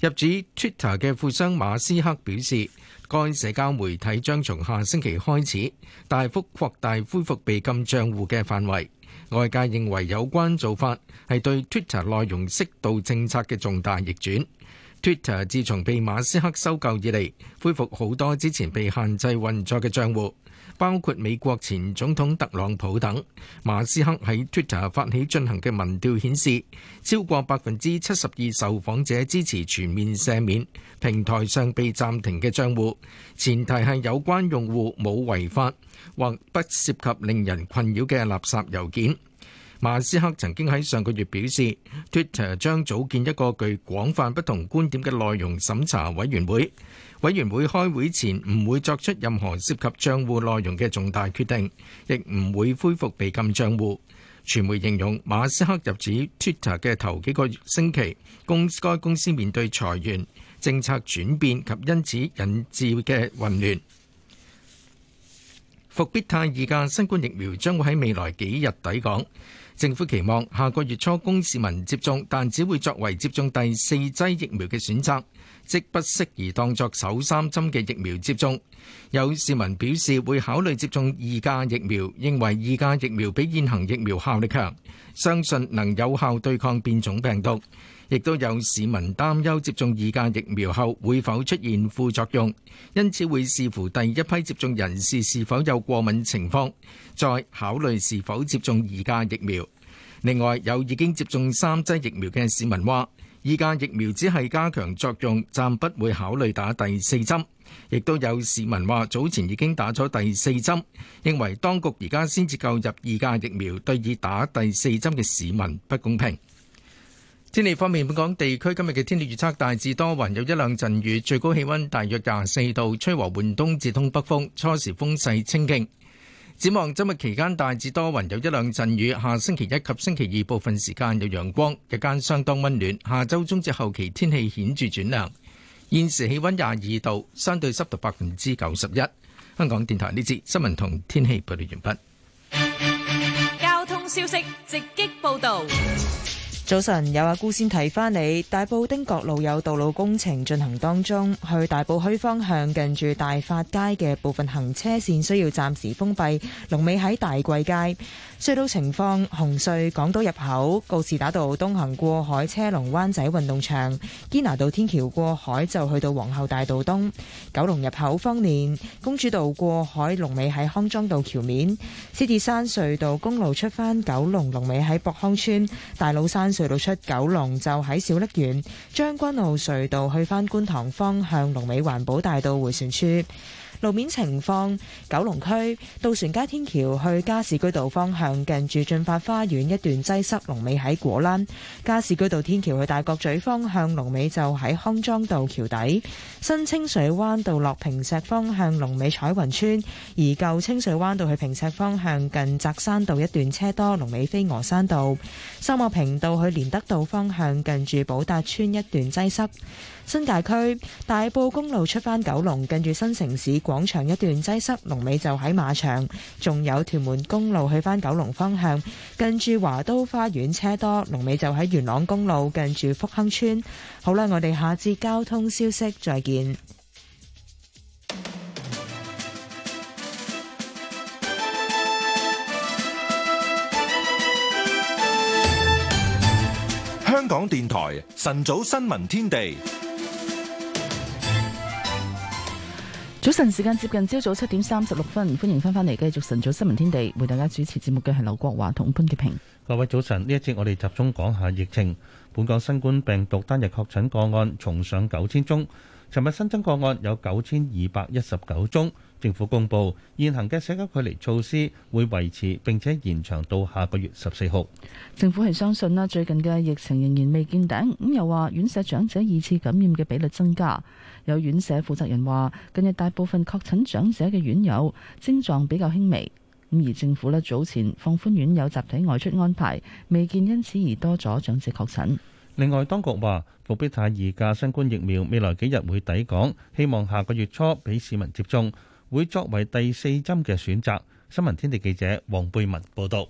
入主 Twitter 嘅富商馬斯克表示，該社交媒體將從下星期開始大幅擴大恢復被禁賬戶嘅範圍。外界認為有關做法係對 Twitter 內容適度政策嘅重大逆轉。Twitter 自從被馬斯克收購以嚟，恢復好多之前被限制運作嘅賬戶，包括美國前總統特朗普等。馬斯克喺 Twitter 發起進行嘅民調顯示，超過百分之七十二受訪者支持全面赦免平台上被暫停嘅賬戶，前提係有關用戶冇違法或不涉及令人困擾嘅垃圾郵件。馬斯克曾經喺上個月表示，Twitter 將組建一個具廣泛不同觀點嘅內容審查委員會。委員會開會前唔會作出任何涉及帳戶內容嘅重大決定，亦唔會恢復被禁帳戶。傳媒形容馬斯克入主 Twitter 嘅頭幾個星期，公該公司面對裁員政策轉變及因此引致嘅混亂。復必泰二價新冠疫苗將會喺未來幾日抵港。政府期望下個月初供市民接種，但只會作為接種第四劑疫苗嘅選擇，即不適宜當作首三針嘅疫苗接種。有市民表示會考慮接種二價疫苗，認為二價疫苗比現行疫苗效力強，相信能有效對抗變種病毒。亦都有市民擔憂接種二價疫苗後會否出現副作用，因此會視乎第一批接種人士是否有過敏情況，再考慮是否接種二價疫苗。另外有已經接種三劑疫苗嘅市民話，二價疫苗只係加強作用，暫不會考慮打第四針，亦都有市民話早前已經打咗第四針，認為當局而家先至購入二價疫苗，對已打第四針嘅市民不公平。天氣方面，本港地區今日嘅天氣預測大致多雲，有一兩陣雨，最高氣溫大約廿四度，吹和緩東至東北風，初時風勢清勁。展望週末期間大致多雲，有一兩陣雨。下星期一及星期二部分時間有陽光，日間相當温暖。下周中至後期天氣顯著轉涼。現時氣溫廿二度，相對濕度百分之九十一。香港電台呢節新聞同天氣報道完畢。交通消息直擊報道。早晨，有阿姑先提翻你，大埔丁角路有道路工程進行當中，去大埔墟方向近住大發街嘅部分行車線需要暫時封閉。龍尾喺大貴街。隧道情況：紅隧港島入口告士打道東行過海車龍灣仔運動場，堅拿道天橋過海就去到皇后大道東。九龍入口方面，公主道過海龍尾喺康莊道橋面。獅子山隧道公路出翻九龍龍尾喺博康村大老山。隧道出九龍就喺小瀝源，將軍澳隧道去返觀塘方向龍尾環保大道回旋處。路面情況：九龍區渡船街天橋去加士居道方向，近住進發花園一段擠塞；龍尾喺果欄。加士居道天橋去大角咀方向，龍尾就喺康莊道橋底。新清水灣道落坪石方向，龍尾彩雲村；而舊清水灣道去坪石方向，近扎山道一段車多，龍尾飛鵝山道。秀茂坪道去連德道方向，近住寶達村一段擠塞。新界區大埔公路出返九龍，近住新城市廣場一段擠塞，龍尾就喺馬場；仲有屯門公路去翻九龍方向，近住華都花園車多，龍尾就喺元朗公路近住福亨村。好啦，我哋下次交通消息再見。香港電台晨早新聞天地。早晨時間接近朝早七點三十六分，歡迎翻返嚟，繼續晨早新聞天地，為大家主持節目嘅係劉國華同潘潔平。各位早晨，呢一節我哋集中講下疫情。本港新冠病毒單日確診個案重上九千宗，尋日新增個案有九千二百一十九宗。政府公布現行嘅社交距離措施會維持，並且延長到下個月十四號。政府係相信啦，最近嘅疫情仍然未見頂，咁又話院舍長者二次感染嘅比率增加。有院舍負責人話，近日大部分確診長者嘅院友症狀比較輕微，咁而政府咧早前放寬院友集體外出安排，未見因此而多咗長者確診。另外，當局話復必泰二價新冠疫苗未來幾日會抵港，希望下個月初俾市民接種。會作為第四針嘅選擇。新聞天地記者黃貝文報道。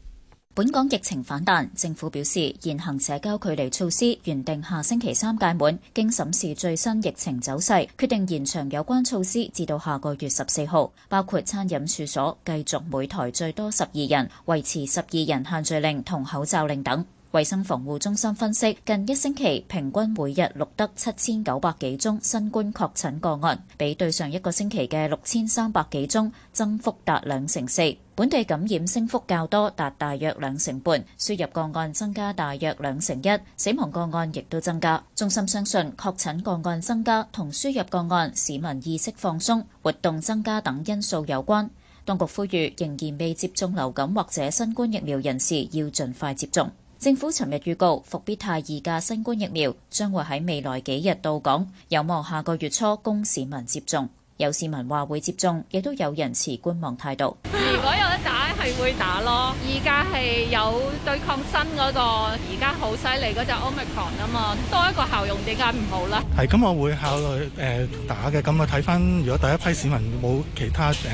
本港疫情反彈，政府表示現行社交距離措施原定下星期三屆滿，經審視最新疫情走勢，決定延長有關措施至到下個月十四號，包括餐飲處所繼續每台最多十二人，維持十二人限聚令同口罩令等。衛生防護中心分析，近一星期平均每日錄得七千九百幾宗新冠確診個案，比對上一個星期嘅六千三百幾宗，增幅達兩成四。本地感染升幅較多，達大約兩成半；輸入個案增加大約兩成一，死亡個案亦都增加。中心相信，確診個案增加同輸入個案、市民意識放鬆、活動增加等因素有關。當局呼籲，仍然未接種流感或者新冠疫苗人士要盡快接種。政府尋日預告，伏必泰二價新冠疫苗將會喺未來幾日到港，有望下個月初供市民接種。有市民話會接種，亦都有人持觀望態度。如果有得打係會打咯，而家係有對抗新嗰個而家好犀利嗰隻 Omicron 啊嘛，多一個效用點解唔好咧？係咁，我會考慮誒、呃、打嘅。咁我睇翻，如果第一批市民冇其他誒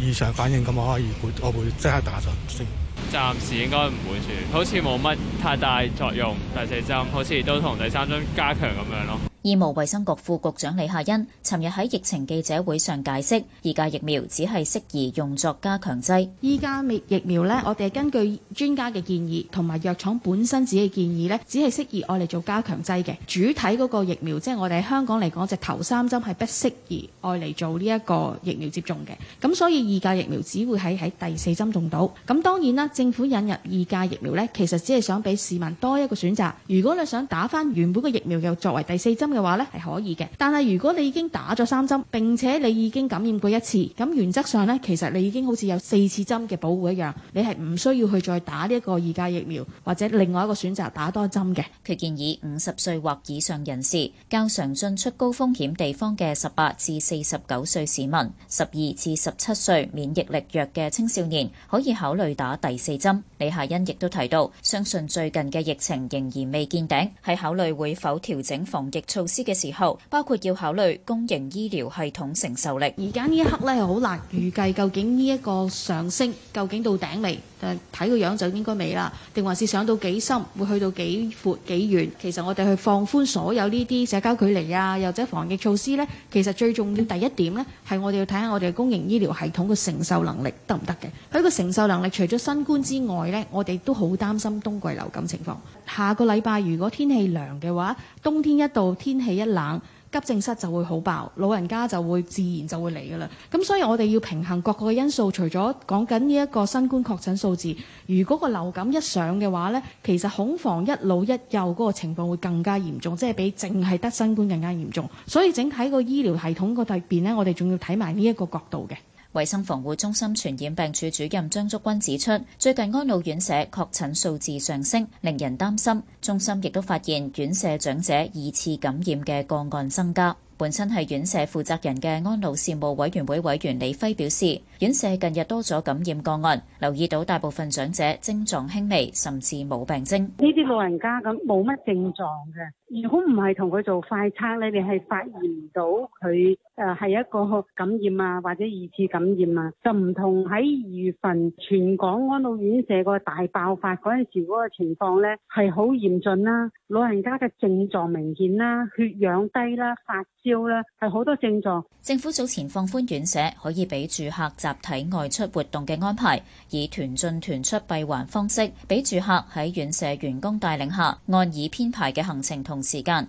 異常反應，咁我可以會我會即刻打咗先。暫時應該唔會住，好似冇乜太大作用。第四針好似都同第三針加強咁樣咯。醫務衛生局副局長李夏茵尋日喺疫情記者會上解釋，二價疫苗只係適宜用作加強劑。二價疫苗呢，我哋根據專家嘅建議同埋藥廠本身自己建議呢只係適宜愛嚟做加強劑嘅主體嗰個疫苗，即係我哋喺香港嚟講就頭三針係不適宜愛嚟做呢一個疫苗接種嘅。咁所以二價疫苗只會喺喺第四針中到。咁當然啦，政府引入二價疫苗呢，其實只係想俾市民多一個選擇。如果你想打翻原本嘅疫苗又作為第四針。嘅話咧，係可以嘅，但係如果你已經打咗三針，並且你已經感染過一次，咁原則上咧，其實你已經好似有四次針嘅保護一樣，你係唔需要去再打呢一個二價疫苗或者另外一個選擇打多針嘅。佢建議五十歲或以上人士、較常進出高風險地方嘅十八至四十九歲市民、十二至十七歲免疫力弱嘅青少年，可以考慮打第四針。李夏茵亦都提到，相信最近嘅疫情仍然未見頂，係考慮會否調整防疫措。措施嘅時候，包括要考慮公營醫療系統承受力。而家呢一刻咧係好難預計究竟呢一個上升究竟到頂未？誒睇個樣就應該未啦。定還是上到幾深，會去到幾闊幾遠，其實我哋去放寬所有呢啲社交距離啊，又或者防疫措施咧，其實最重要第一點咧，係我哋要睇下我哋嘅公營醫療系統嘅承受能力得唔得嘅？佢個承受能力除咗新冠之外咧，我哋都好擔心冬季流感情況，下個禮拜如果天氣涼嘅話，冬天一到天。天氣一冷，急症室就會好爆，老人家就會自然就會嚟㗎喇。咁所以我哋要平衡各個嘅因素，除咗講緊呢一個新冠確診數字，如果個流感一上嘅話呢，其實恐防一老一幼嗰個情況會更加嚴重，即係比淨係得新冠更加嚴重。所以整體個醫療系統個第邊呢，我哋仲要睇埋呢一個角度嘅。衛生防護中心傳染病處主任張竹君指出，最近安老院舍確診數字上升，令人擔心。中心亦都發現院舍長者二次感染嘅個案增加。本身係院舍負責人嘅安老事務委員會委員李輝表示，院舍近日多咗感染個案，留意到大部分長者症狀輕微，甚至冇病徵。呢啲老人家咁冇乜症狀嘅。如果唔係同佢做快測，你哋係發現唔到佢，誒係一個感染啊，或者二次感染啊，就唔同喺二月份全港安老院舍個大爆發嗰陣時嗰個情況呢，係好嚴峻啦，老人家嘅症狀明顯啦，血氧低啦，發燒啦，係好多症狀。政府早前放寬院舍可以俾住客集體外出活動嘅安排，以團進團出閉環方式，俾住客喺院舍員工帶領下，按已編排嘅行程同。時間。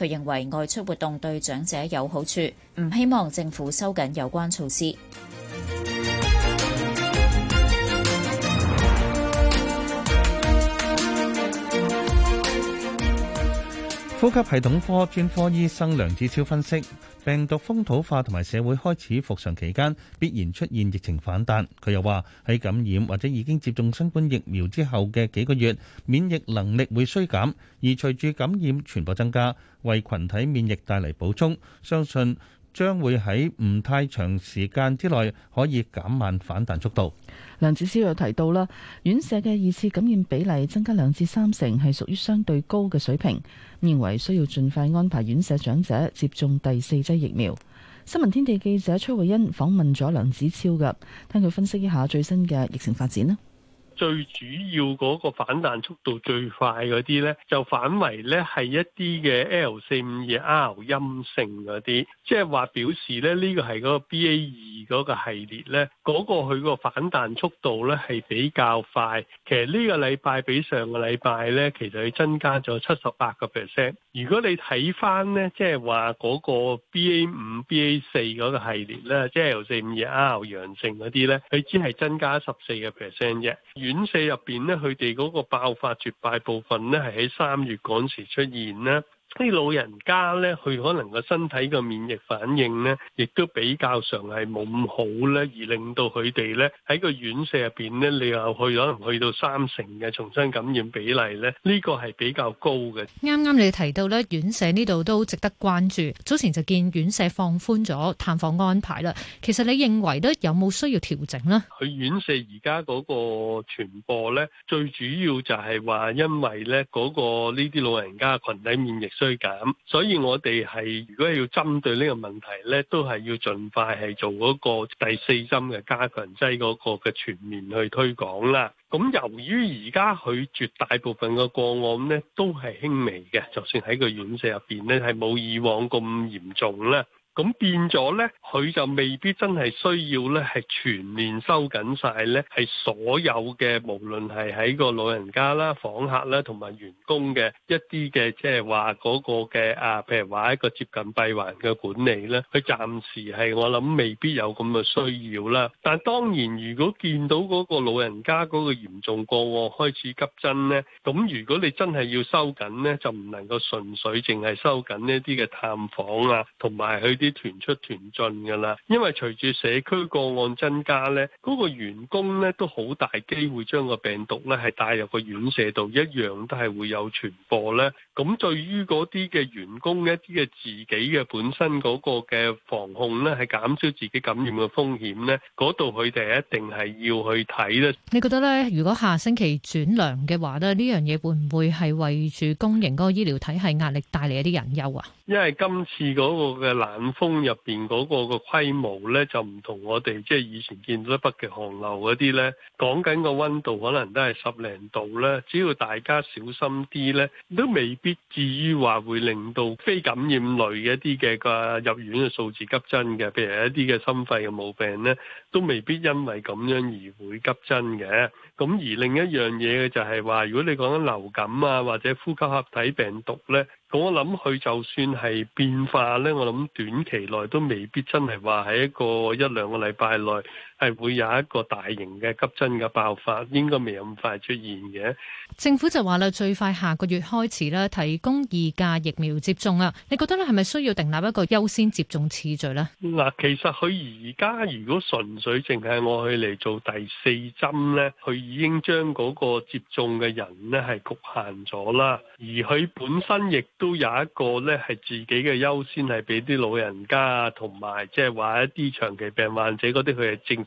佢認為外出活動對長者有好處，唔希望政府收緊有關措施。呼吸系統科專科醫生梁志超分析。病毒風土化同埋社會開始復常期間，必然出現疫情反彈。佢又話：喺感染或者已經接種新冠疫苗之後嘅幾個月，免疫能力會衰減，而隨住感染全部增加，為群體免疫帶嚟補充。相信。將會喺唔太長時間之內可以減慢反彈速度。梁子超又提到啦，院舍嘅二次感染比例增加兩至三成，係屬於相對高嘅水平，認為需要盡快安排院舍長者接種第四劑疫苗。新聞天地記者崔慧欣訪問咗梁子超嘅，聽佢分析一下最新嘅疫情發展啦。最主要嗰個反彈速度最快嗰啲咧，就反為咧係一啲嘅 L 四五二 R 陰性嗰啲，即係話表示咧呢個係嗰個 BA 二嗰個系列咧，嗰個佢個反彈速度咧係比較快。其實呢個禮拜比上個禮拜咧，其實佢增加咗七十八個 percent。如果你睇翻咧，即係話嗰個 BA 五、BA 四嗰個系列咧，即係 L 四五二 R 陽性嗰啲咧，佢只係增加十四個 percent 啫。院舍入邊咧，佢哋嗰個爆發絕大部分咧，係喺三月嗰時出現咧。啲老人家咧，佢可能個身體個免疫反應呢，亦都比較上係冇咁好咧，而令到佢哋咧喺個院舍入邊呢，你又去可能去到三成嘅重新感染比例咧，呢、呢個係比較高嘅。啱啱你提到咧，院舍呢度都值得關注。早前就見院舍放寬咗探訪安排啦。其實你認為咧，有冇需要調整呢？佢院舍而家嗰個傳播咧，最主要就係話，因為咧、嗰、嗰個呢啲老人家嘅群體免疫。追減，所以我哋係如果要針對呢個問題呢都係要盡快係做嗰個第四針嘅加強劑嗰個嘅全面去推廣啦。咁、嗯、由於而家佢絕大部分嘅個案呢都係輕微嘅，就算喺個院舍入邊呢，係冇以往咁嚴重咧。咁變咗咧，佢就未必真係需要咧，係全面收緊晒咧，係所有嘅無論係喺個老人家啦、訪客啦同埋員工嘅一啲嘅，即係話嗰個嘅啊，譬如話一個接近閉環嘅管理咧，佢暫時係我諗未必有咁嘅需要啦。但係當然，如果見到嗰個老人家嗰個嚴重個案開始急增咧，咁如果你真係要收緊咧，就唔能夠純粹淨係收緊呢啲嘅探訪啊，同埋去。啲團出團進噶啦，因為隨住社區個案增加咧，嗰個員工咧都好大機會將個病毒咧係帶入個院舍度，一樣都係會有傳播咧。咁對於嗰啲嘅員工一啲嘅自己嘅本身嗰個嘅防控咧，係減少自己感染嘅風險咧，嗰度佢哋一定係要去睇咧。你覺得咧，如果下星期轉涼嘅話咧，呢樣嘢會唔會係為住公營嗰個醫療體系壓力帶嚟一啲隱憂啊？因為今次嗰個嘅冷風入面嗰個個規模呢，就唔同我哋即係以前見到北極寒流嗰啲呢，講緊個溫度可能都係十零度咧。只要大家小心啲呢，都未必至於話會令到非感染類嘅一啲嘅入院嘅數字急增嘅。譬如一啲嘅心肺嘅毛病呢，都未必因為咁樣而會急增嘅。咁而另一樣嘢嘅就係話，如果你講緊流感啊，或者呼吸合體病毒呢。咁我諗佢就算係變化咧，我諗短期內都未必真係話喺一個一兩個禮拜內。係會有一個大型嘅急增嘅爆發，應該未咁快出現嘅。政府就話啦，最快下個月開始啦，提供二價疫苗接種啊。你覺得咧係咪需要訂立一個優先接種次序呢？嗱，其實佢而家如果純粹淨係我去嚟做第四針呢，佢已經將嗰個接種嘅人呢係局限咗啦。而佢本身亦都有一個呢係自己嘅優先，係俾啲老人家同埋，即係話一啲長期病患者嗰啲，佢係正。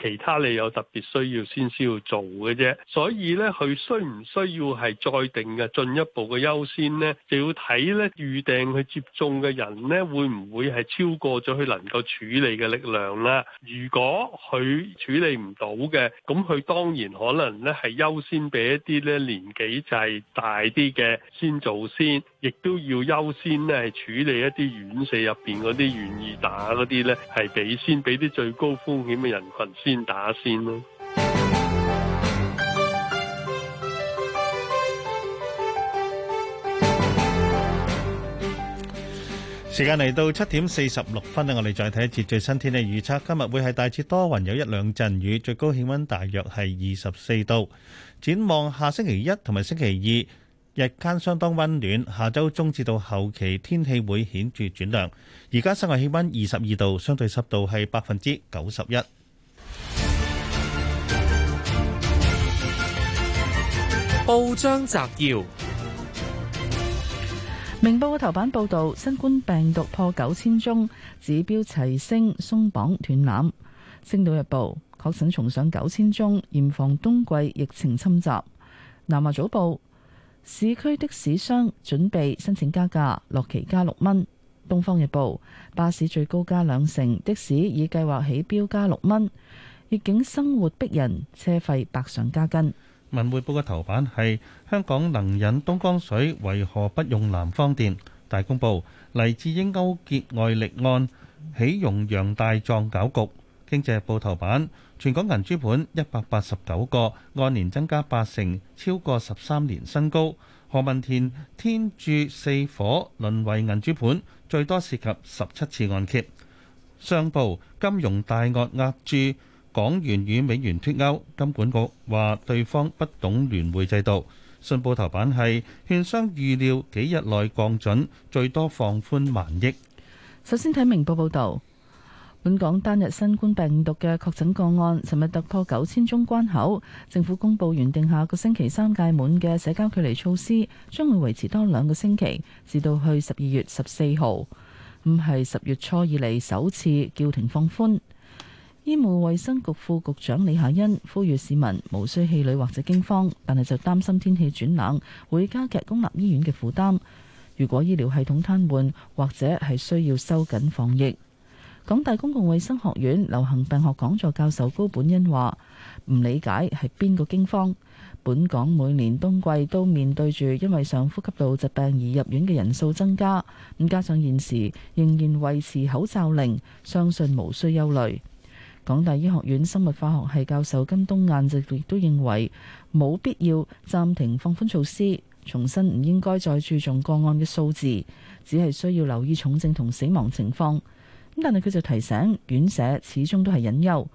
其他你有特別需要先先要做嘅啫，所以咧佢需唔需要係再定嘅進一步嘅優先呢？就要睇咧預定去接種嘅人咧會唔會係超過咗佢能夠處理嘅力量啦？如果佢處理唔到嘅，咁佢當然可能咧係優先俾一啲咧年紀就係大啲嘅先做先，亦都要優先咧係處理一啲院舍入邊嗰啲願意打嗰啲咧係俾先，俾啲最高風險嘅人群先。先打先咯。時間嚟到七點四十六分啊！我哋再睇一次最新天氣預測。今日會係大致多雲，有一兩陣雨，最高氣溫大約係二十四度。展望下星期一同埋星期二日間相當溫暖。下周中至到後期天氣會顯著轉涼。而家室外氣溫二十二度，相對濕度係百分之九十一。報章摘要：明報嘅頭版報道，新冠病毒破九千宗，指標齊升，鬆綁斷纜。星島日報確診重上九千宗，嚴防冬季疫情侵襲。南華早報市區的士商準備申請加價，落旗加六蚊。東方日報巴士最高加兩成，的士已計劃起標加六蚊。逆境生活逼人，車費百上加斤。文匯報嘅頭版係，香港能引東江水，為何不用南方電？大公報黎智英勾結外力案起用楊大狀搞局。經濟日報頭版，全港銀主盤一百八十九個，按年增加八成，超過十三年新高。何文田天鑄四火淪為銀主盤，最多涉及十七次按揭。商報金融大鱷押注。港元與美元脫鈎，金管局話對方不懂聯匯制度。信報頭版係券商預料幾日內降準，最多放寬萬億。首先睇明報報道，本港單日新冠病毒嘅確診個案，尋日突破九千宗關口。政府公布原定下個星期三屆滿嘅社交距離措施，將會維持多兩個星期，至到去十二月十四號，唔係十月初以嚟首次叫停放寬。醫務衛生局副局長李夏欣呼籲市民無需氣餒或者驚慌，但係就擔心天氣轉冷會加劇公立醫院嘅負擔。如果醫療系統癱瘓或者係需要收緊防疫，港大公共衛生學院流行病學講座教授高本恩話：唔理解係邊個驚慌。本港每年冬季都面對住因為上呼吸道疾病而入院嘅人數增加，咁加上現時仍然維持口罩令，相信無需憂慮。港大醫學院生物化學系教授金東晏亦都認為冇必要暫停放寬措施，重申唔應該再注重個案嘅數字，只係需要留意重症同死亡情況。咁但係佢就提醒，院舍始終都係隱憂，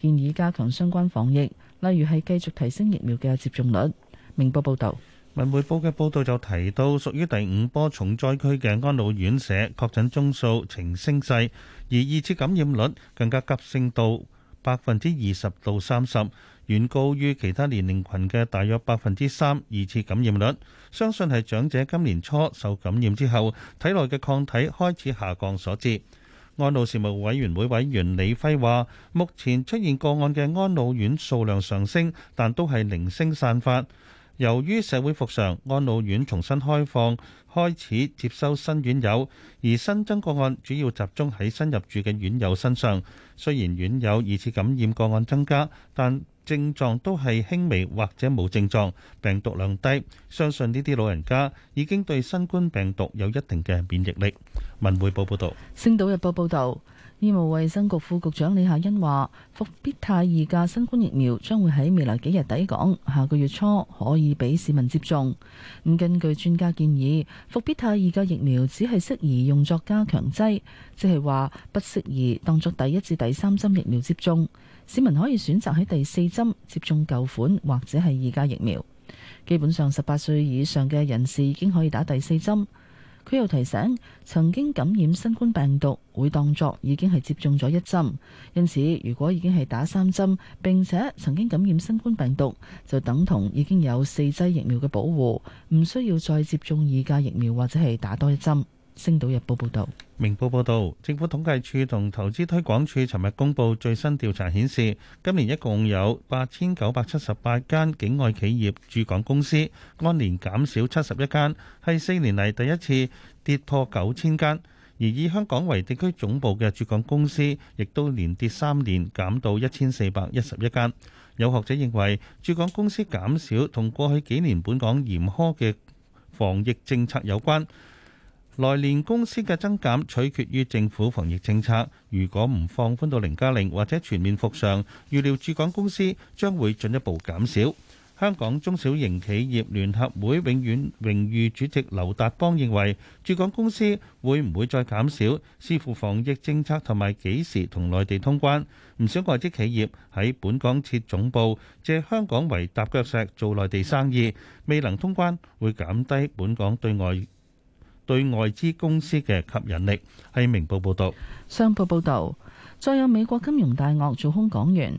建議加強相關防疫，例如係繼續提升疫苗嘅接種率。明報報道。《文匯報》嘅報道就提到，屬於第五波重災區嘅安老院舍確診宗數呈升勢，而二次感染率更加急升到百分之二十到三十，遠高於其他年齡群嘅大約百分之三二次感染率。相信係長者今年初受感染之後，體內嘅抗體開始下降所致。安老事務委員會委員李輝話，目前出現個案嘅安老院數量上升，但都係零星散發。由於社會復常，安老院重新開放，開始接收新院友，而新增個案主要集中喺新入住嘅院友身上。雖然院友二次感染個案增加，但症狀都係輕微或者冇症狀，病毒量低，相信呢啲老人家已經對新冠病毒有一定嘅免疫力。文匯報報道。星島日報報道。醫務衛生局副局長李夏茵話：復必泰二價新冠疫苗將會喺未來幾日抵港，下個月初可以俾市民接種。咁根據專家建議，復必泰二價疫苗只係適宜用作加強劑，即係話不適宜當作第一至第三針疫苗接種。市民可以選擇喺第四針接種舊款或者係二價疫苗。基本上，十八歲以上嘅人士已經可以打第四針。佢又提醒，曾經感染新冠病毒會當作已經係接種咗一針，因此如果已經係打三針，並且曾經感染新冠病毒，就等同已經有四劑疫苗嘅保護，唔需要再接種二價疫苗或者係打多一針。《星島日報》報導，《明報》報導，政府統計處同投資推廣署尋日公佈最新調查顯示，今年一共有八千九百七十八間境外企業駐港公司，按年減少七十一間，係四年嚟第一次跌破九千間。而以香港為地區總部嘅駐港公司，亦都連跌三年，減到一千四百一十一間。有學者認為，駐港公司減少同過去幾年本港嚴苛嘅防疫政策有關。來年公司嘅增減取決於政府防疫政策。如果唔放寬到零加零或者全面復常，預料駐港公司將會進一步減少。香港中小型企業聯合會永遠榮譽主席劉達邦認為，駐港公司會唔會再減少，視乎防疫政策同埋幾時同內地通關。唔少外資企業喺本港設總部，借香港為踏腳石做內地生意。未能通關，會減低本港對外對外資公司嘅吸引力。喺明報報導，商報報導，再有美國金融大鱷做空港元。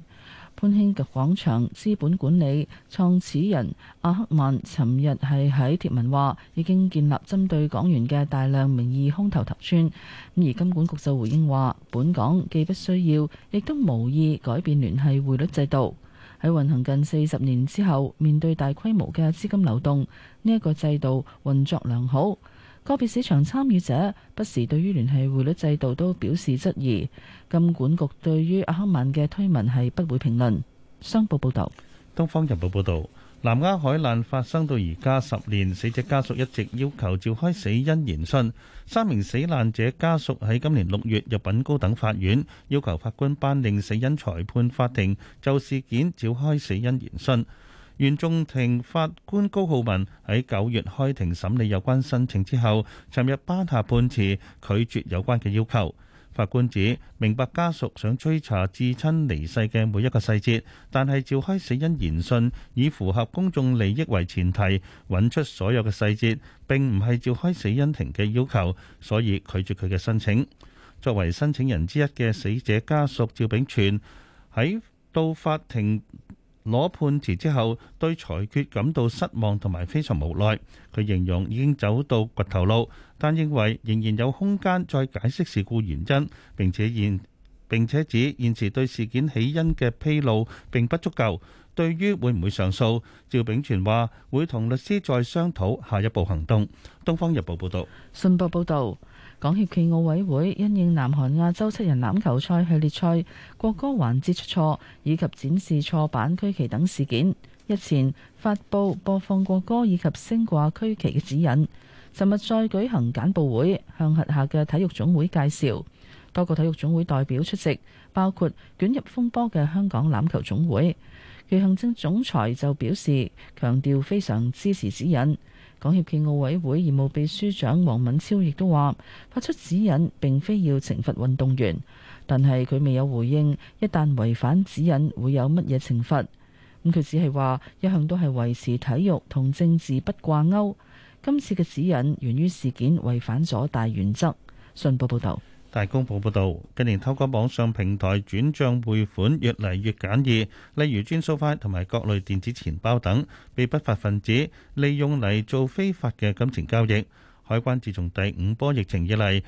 潘興及廣場資本管理創始人阿克曼，尋日係喺貼文話已經建立針對港元嘅大量名義空頭頭寸。而金管局就回應話，本港既不需要，亦都無意改變聯繫匯率制度。喺運行近四十年之後，面對大規模嘅資金流動，呢一個制度運作良好。個別市場參與者不時對於聯繫匯率制度都表示質疑。金管局對於阿克曼嘅推文係不會評論。商報報導，《東方日報》報導，南丫海難發生到而家十年，死者家屬一直要求召開死因研訊。三名死難者家屬喺今年六月入禀高等法院，要求法官頒令死因裁判法庭就事件召開死因研訊。原訟庭法官高浩文喺九月開庭審理有關申請之後，尋日頒下判詞，拒絕有關嘅要求。法官指，明白家屬想追查至親離世嘅每一個細節，但係召開死因研訊，以符合公眾利益為前提，揾出所有嘅細節，並唔係召開死因庭嘅要求，所以拒絕佢嘅申請。作為申請人之一嘅死者家屬趙炳全喺到法庭。攞判詞之後，對裁決感到失望同埋非常無奈。佢形容已經走到掘頭路，但認為仍然有空間再解釋事故原因。並且現並且指現時對事件起因嘅披露並不足夠。對於會唔會上訴，趙炳全話會同律師再商討下一步行動。《東方日報》報導，《信報》報導。港協暨奧委會因應南韓亞洲七人籃球賽系列賽國歌環節出錯以及展示錯版區旗等事件，日前發佈播放國歌以及升掛區旗嘅指引。尋日再舉行簡報會，向轄下嘅體育總會介紹，多個體育總會代表出席，包括捲入風波嘅香港籃球總會。其行政總裁就表示，強調非常支持指引。港協暨奧委會義務秘書長王敏超亦都話，發出指引並非要懲罰運動員，但係佢未有回應，一旦違反指引會有乜嘢懲罰。咁佢只係話一向都係維持體育同政治不掛鈎，今次嘅指引源於事件違反咗大原則。信報報道。大公報報導，近年透過網上平台轉帳匯款越嚟越簡易，例如轉數快同埋各類電子錢包等，被不法分子利用嚟做非法嘅金錢交易。海關自從第五波疫情以嚟，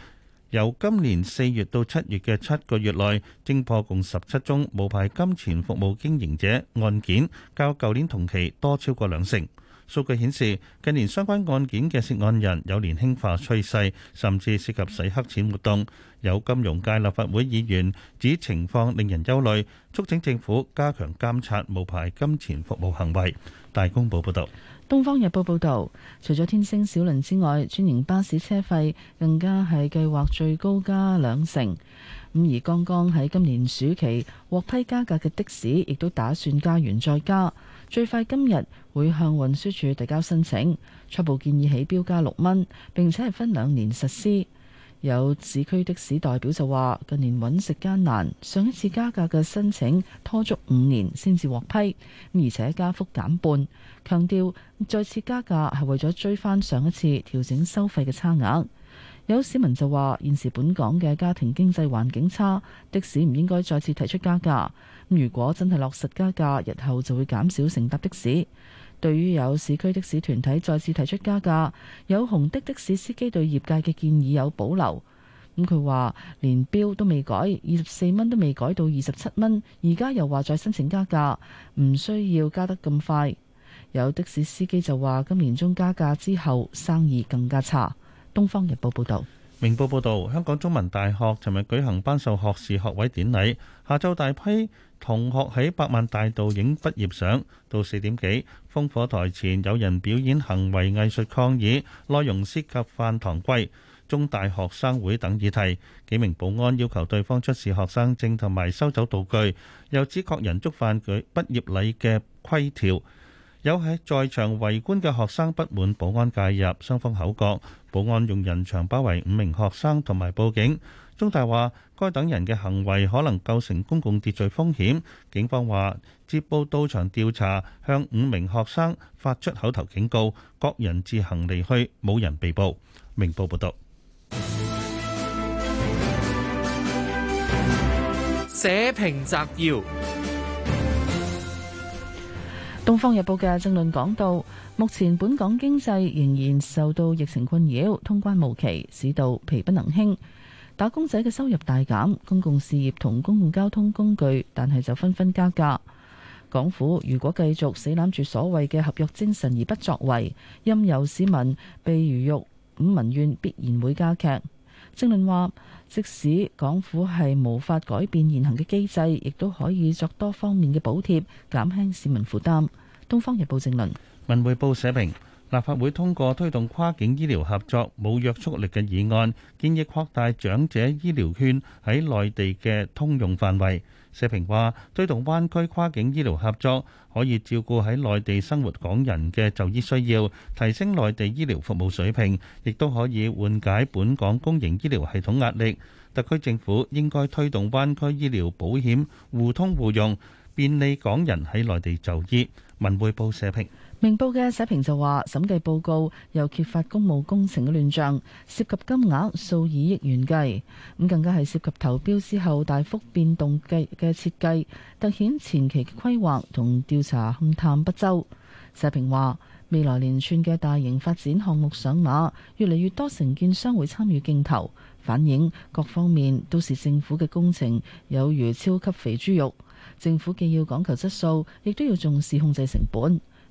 由今年四月到七月嘅七個月內，偵破共十七宗無牌金錢服務經營者案件，較舊年同期多超過兩成。數據顯示，近年相關案件嘅涉案人有年輕化趨勢，甚至涉及洗黑錢活動。有金融界立法會議員指情況令人憂慮，促請政府加強監察無牌金錢服務行為。大公報報道，東方日報報道，除咗天星小輪之外，專營巴士車費更加係計劃最高加兩成。咁而剛剛喺今年暑期獲批加價嘅的，的士，亦都打算加完再加。最快今日會向運輸署遞交申請，初步建議起標價六蚊，並且係分兩年實施。有市區的士代表就話：近年揾食艱難，上一次加價嘅申請拖足五年先至獲批，而且加幅減半。強調再次加價係為咗追翻上一次調整收費嘅差額。有市民就話：現時本港嘅家庭經濟環境差，的士唔應該再次提出加價。如果真係落實加價，日後就會減少乘搭的士。對於有市區的士團體再次提出加價，有紅的的士司機對業界嘅建議有保留。咁佢話：連標都未改，二十四蚊都未改到二十七蚊，而家又話再申請加價，唔需要加得咁快。有的士司機就話：今年中加價之後，生意更加差。《東方日報》報道：《明報》報道，香港中文大學尋日舉行頒授學士學位典禮，下晝大批同學喺百萬大道影畢業相，到四點幾，烽火台前有人表演行為藝術抗議，內容涉及飯堂貴、中大學生會等議題。幾名保安要求對方出示學生證同埋收走道具，又指個人觸犯舉畢業禮嘅規條。有喺在，在場圍觀嘅學生不滿保安介入，雙方口角，保安用人牆包圍五名學生同埋報警。中大話：該等人嘅行為可能構成公共秩序風險。警方話接報到場調查，向五名學生發出口頭警告，各人自行離去，冇人被捕。明報報道。社評摘要。《東方日報》嘅政論講到，目前本港經濟仍然受到疫情困擾，通關無期，市道疲不能興。打工仔嘅收入大減，公共事業同公共交通工具，但係就紛紛加價。港府如果繼續死攬住所謂嘅合約精神而不作為，任由市民被魚肉，五民怨必然會加劇。正論話，即使港府係無法改變現行嘅機制，亦都可以作多方面嘅補貼，減輕市民負擔。《東方日報》正論，文匯報社評。立法會通過推動跨境醫療合作冇約束力嘅議案，建議擴大長者醫療券喺內地嘅通用範圍。社評話，推動灣區跨境醫療合作可以照顧喺內地生活港人嘅就醫需要，提升內地醫療服務水平，亦都可以緩解本港公營醫療系統壓力。特區政府應該推動灣區醫療保險互通互用，便利港人喺內地就醫。文匯報社評。明報嘅社評就話，審計報告又揭發公務工程嘅亂象，涉及金額數以億元計，咁更加係涉及投標之後大幅變動計嘅設計，計，凸顯前期規劃同調查勘探不周。社評話，未來連串嘅大型發展項目上馬，越嚟越多承建商會參與競投，反映各方面都是政府嘅工程，有如超級肥豬肉。政府既要講求質素，亦都要重視控制成本。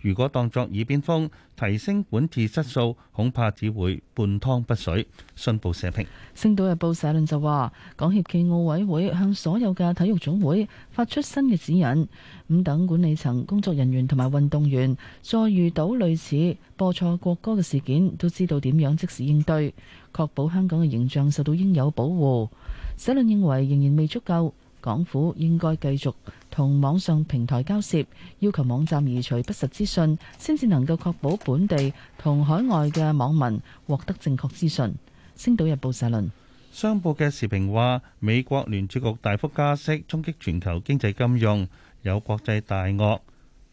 如果當作耳邊風，提升管治質素恐怕只會半湯不水。信報社評，《星島日報》社論就話：港協暨奧委會向所有嘅體育總會發出新嘅指引，咁等管理層、工作人員同埋運動員，再遇到類似播錯國歌嘅事件，都知道點樣即時應對，確保香港嘅形象受到應有保護。社論認為仍然未足夠。港府應該繼續同網上平台交涉，要求網站移除不實資訊，先至能夠確保本地同海外嘅網民獲得正確資訊。《星島日報》社論。商報嘅時評話：美國聯儲局大幅加息，衝擊全球經濟金融，有國際大鱷，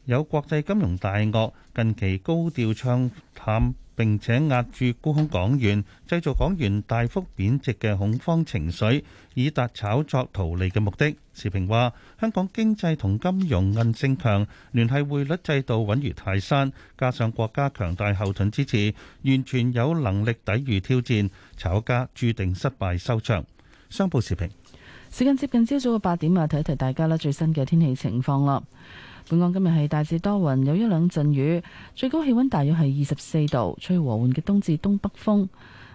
有國際金融大鱷。近期高調唱淡。並且壓住沽空港元，製造港元大幅貶值嘅恐慌情緒，以達炒作逃離嘅目的。時評話：香港經濟同金融韌性強，聯繫匯率制度穩如泰山，加上國家強大後盾支持，完全有能力抵禦挑戰，炒家注定失敗收場。商報時評。時間接近朝早嘅八點啊，提一提大家啦，最新嘅天氣情況啦。本港今日係大致多雲，有一兩陣雨，最高氣溫大約係二十四度，吹和緩嘅東至東北風。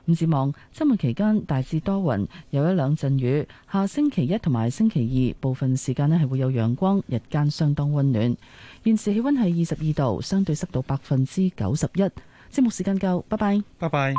咁展望周末期間大致多雲，有一兩陣雨。下星期一同埋星期二部分時間呢係會有陽光，日間相當溫暖。現時氣溫係二十二度，相對濕度百分之九十一。節目時間夠，拜拜，拜拜。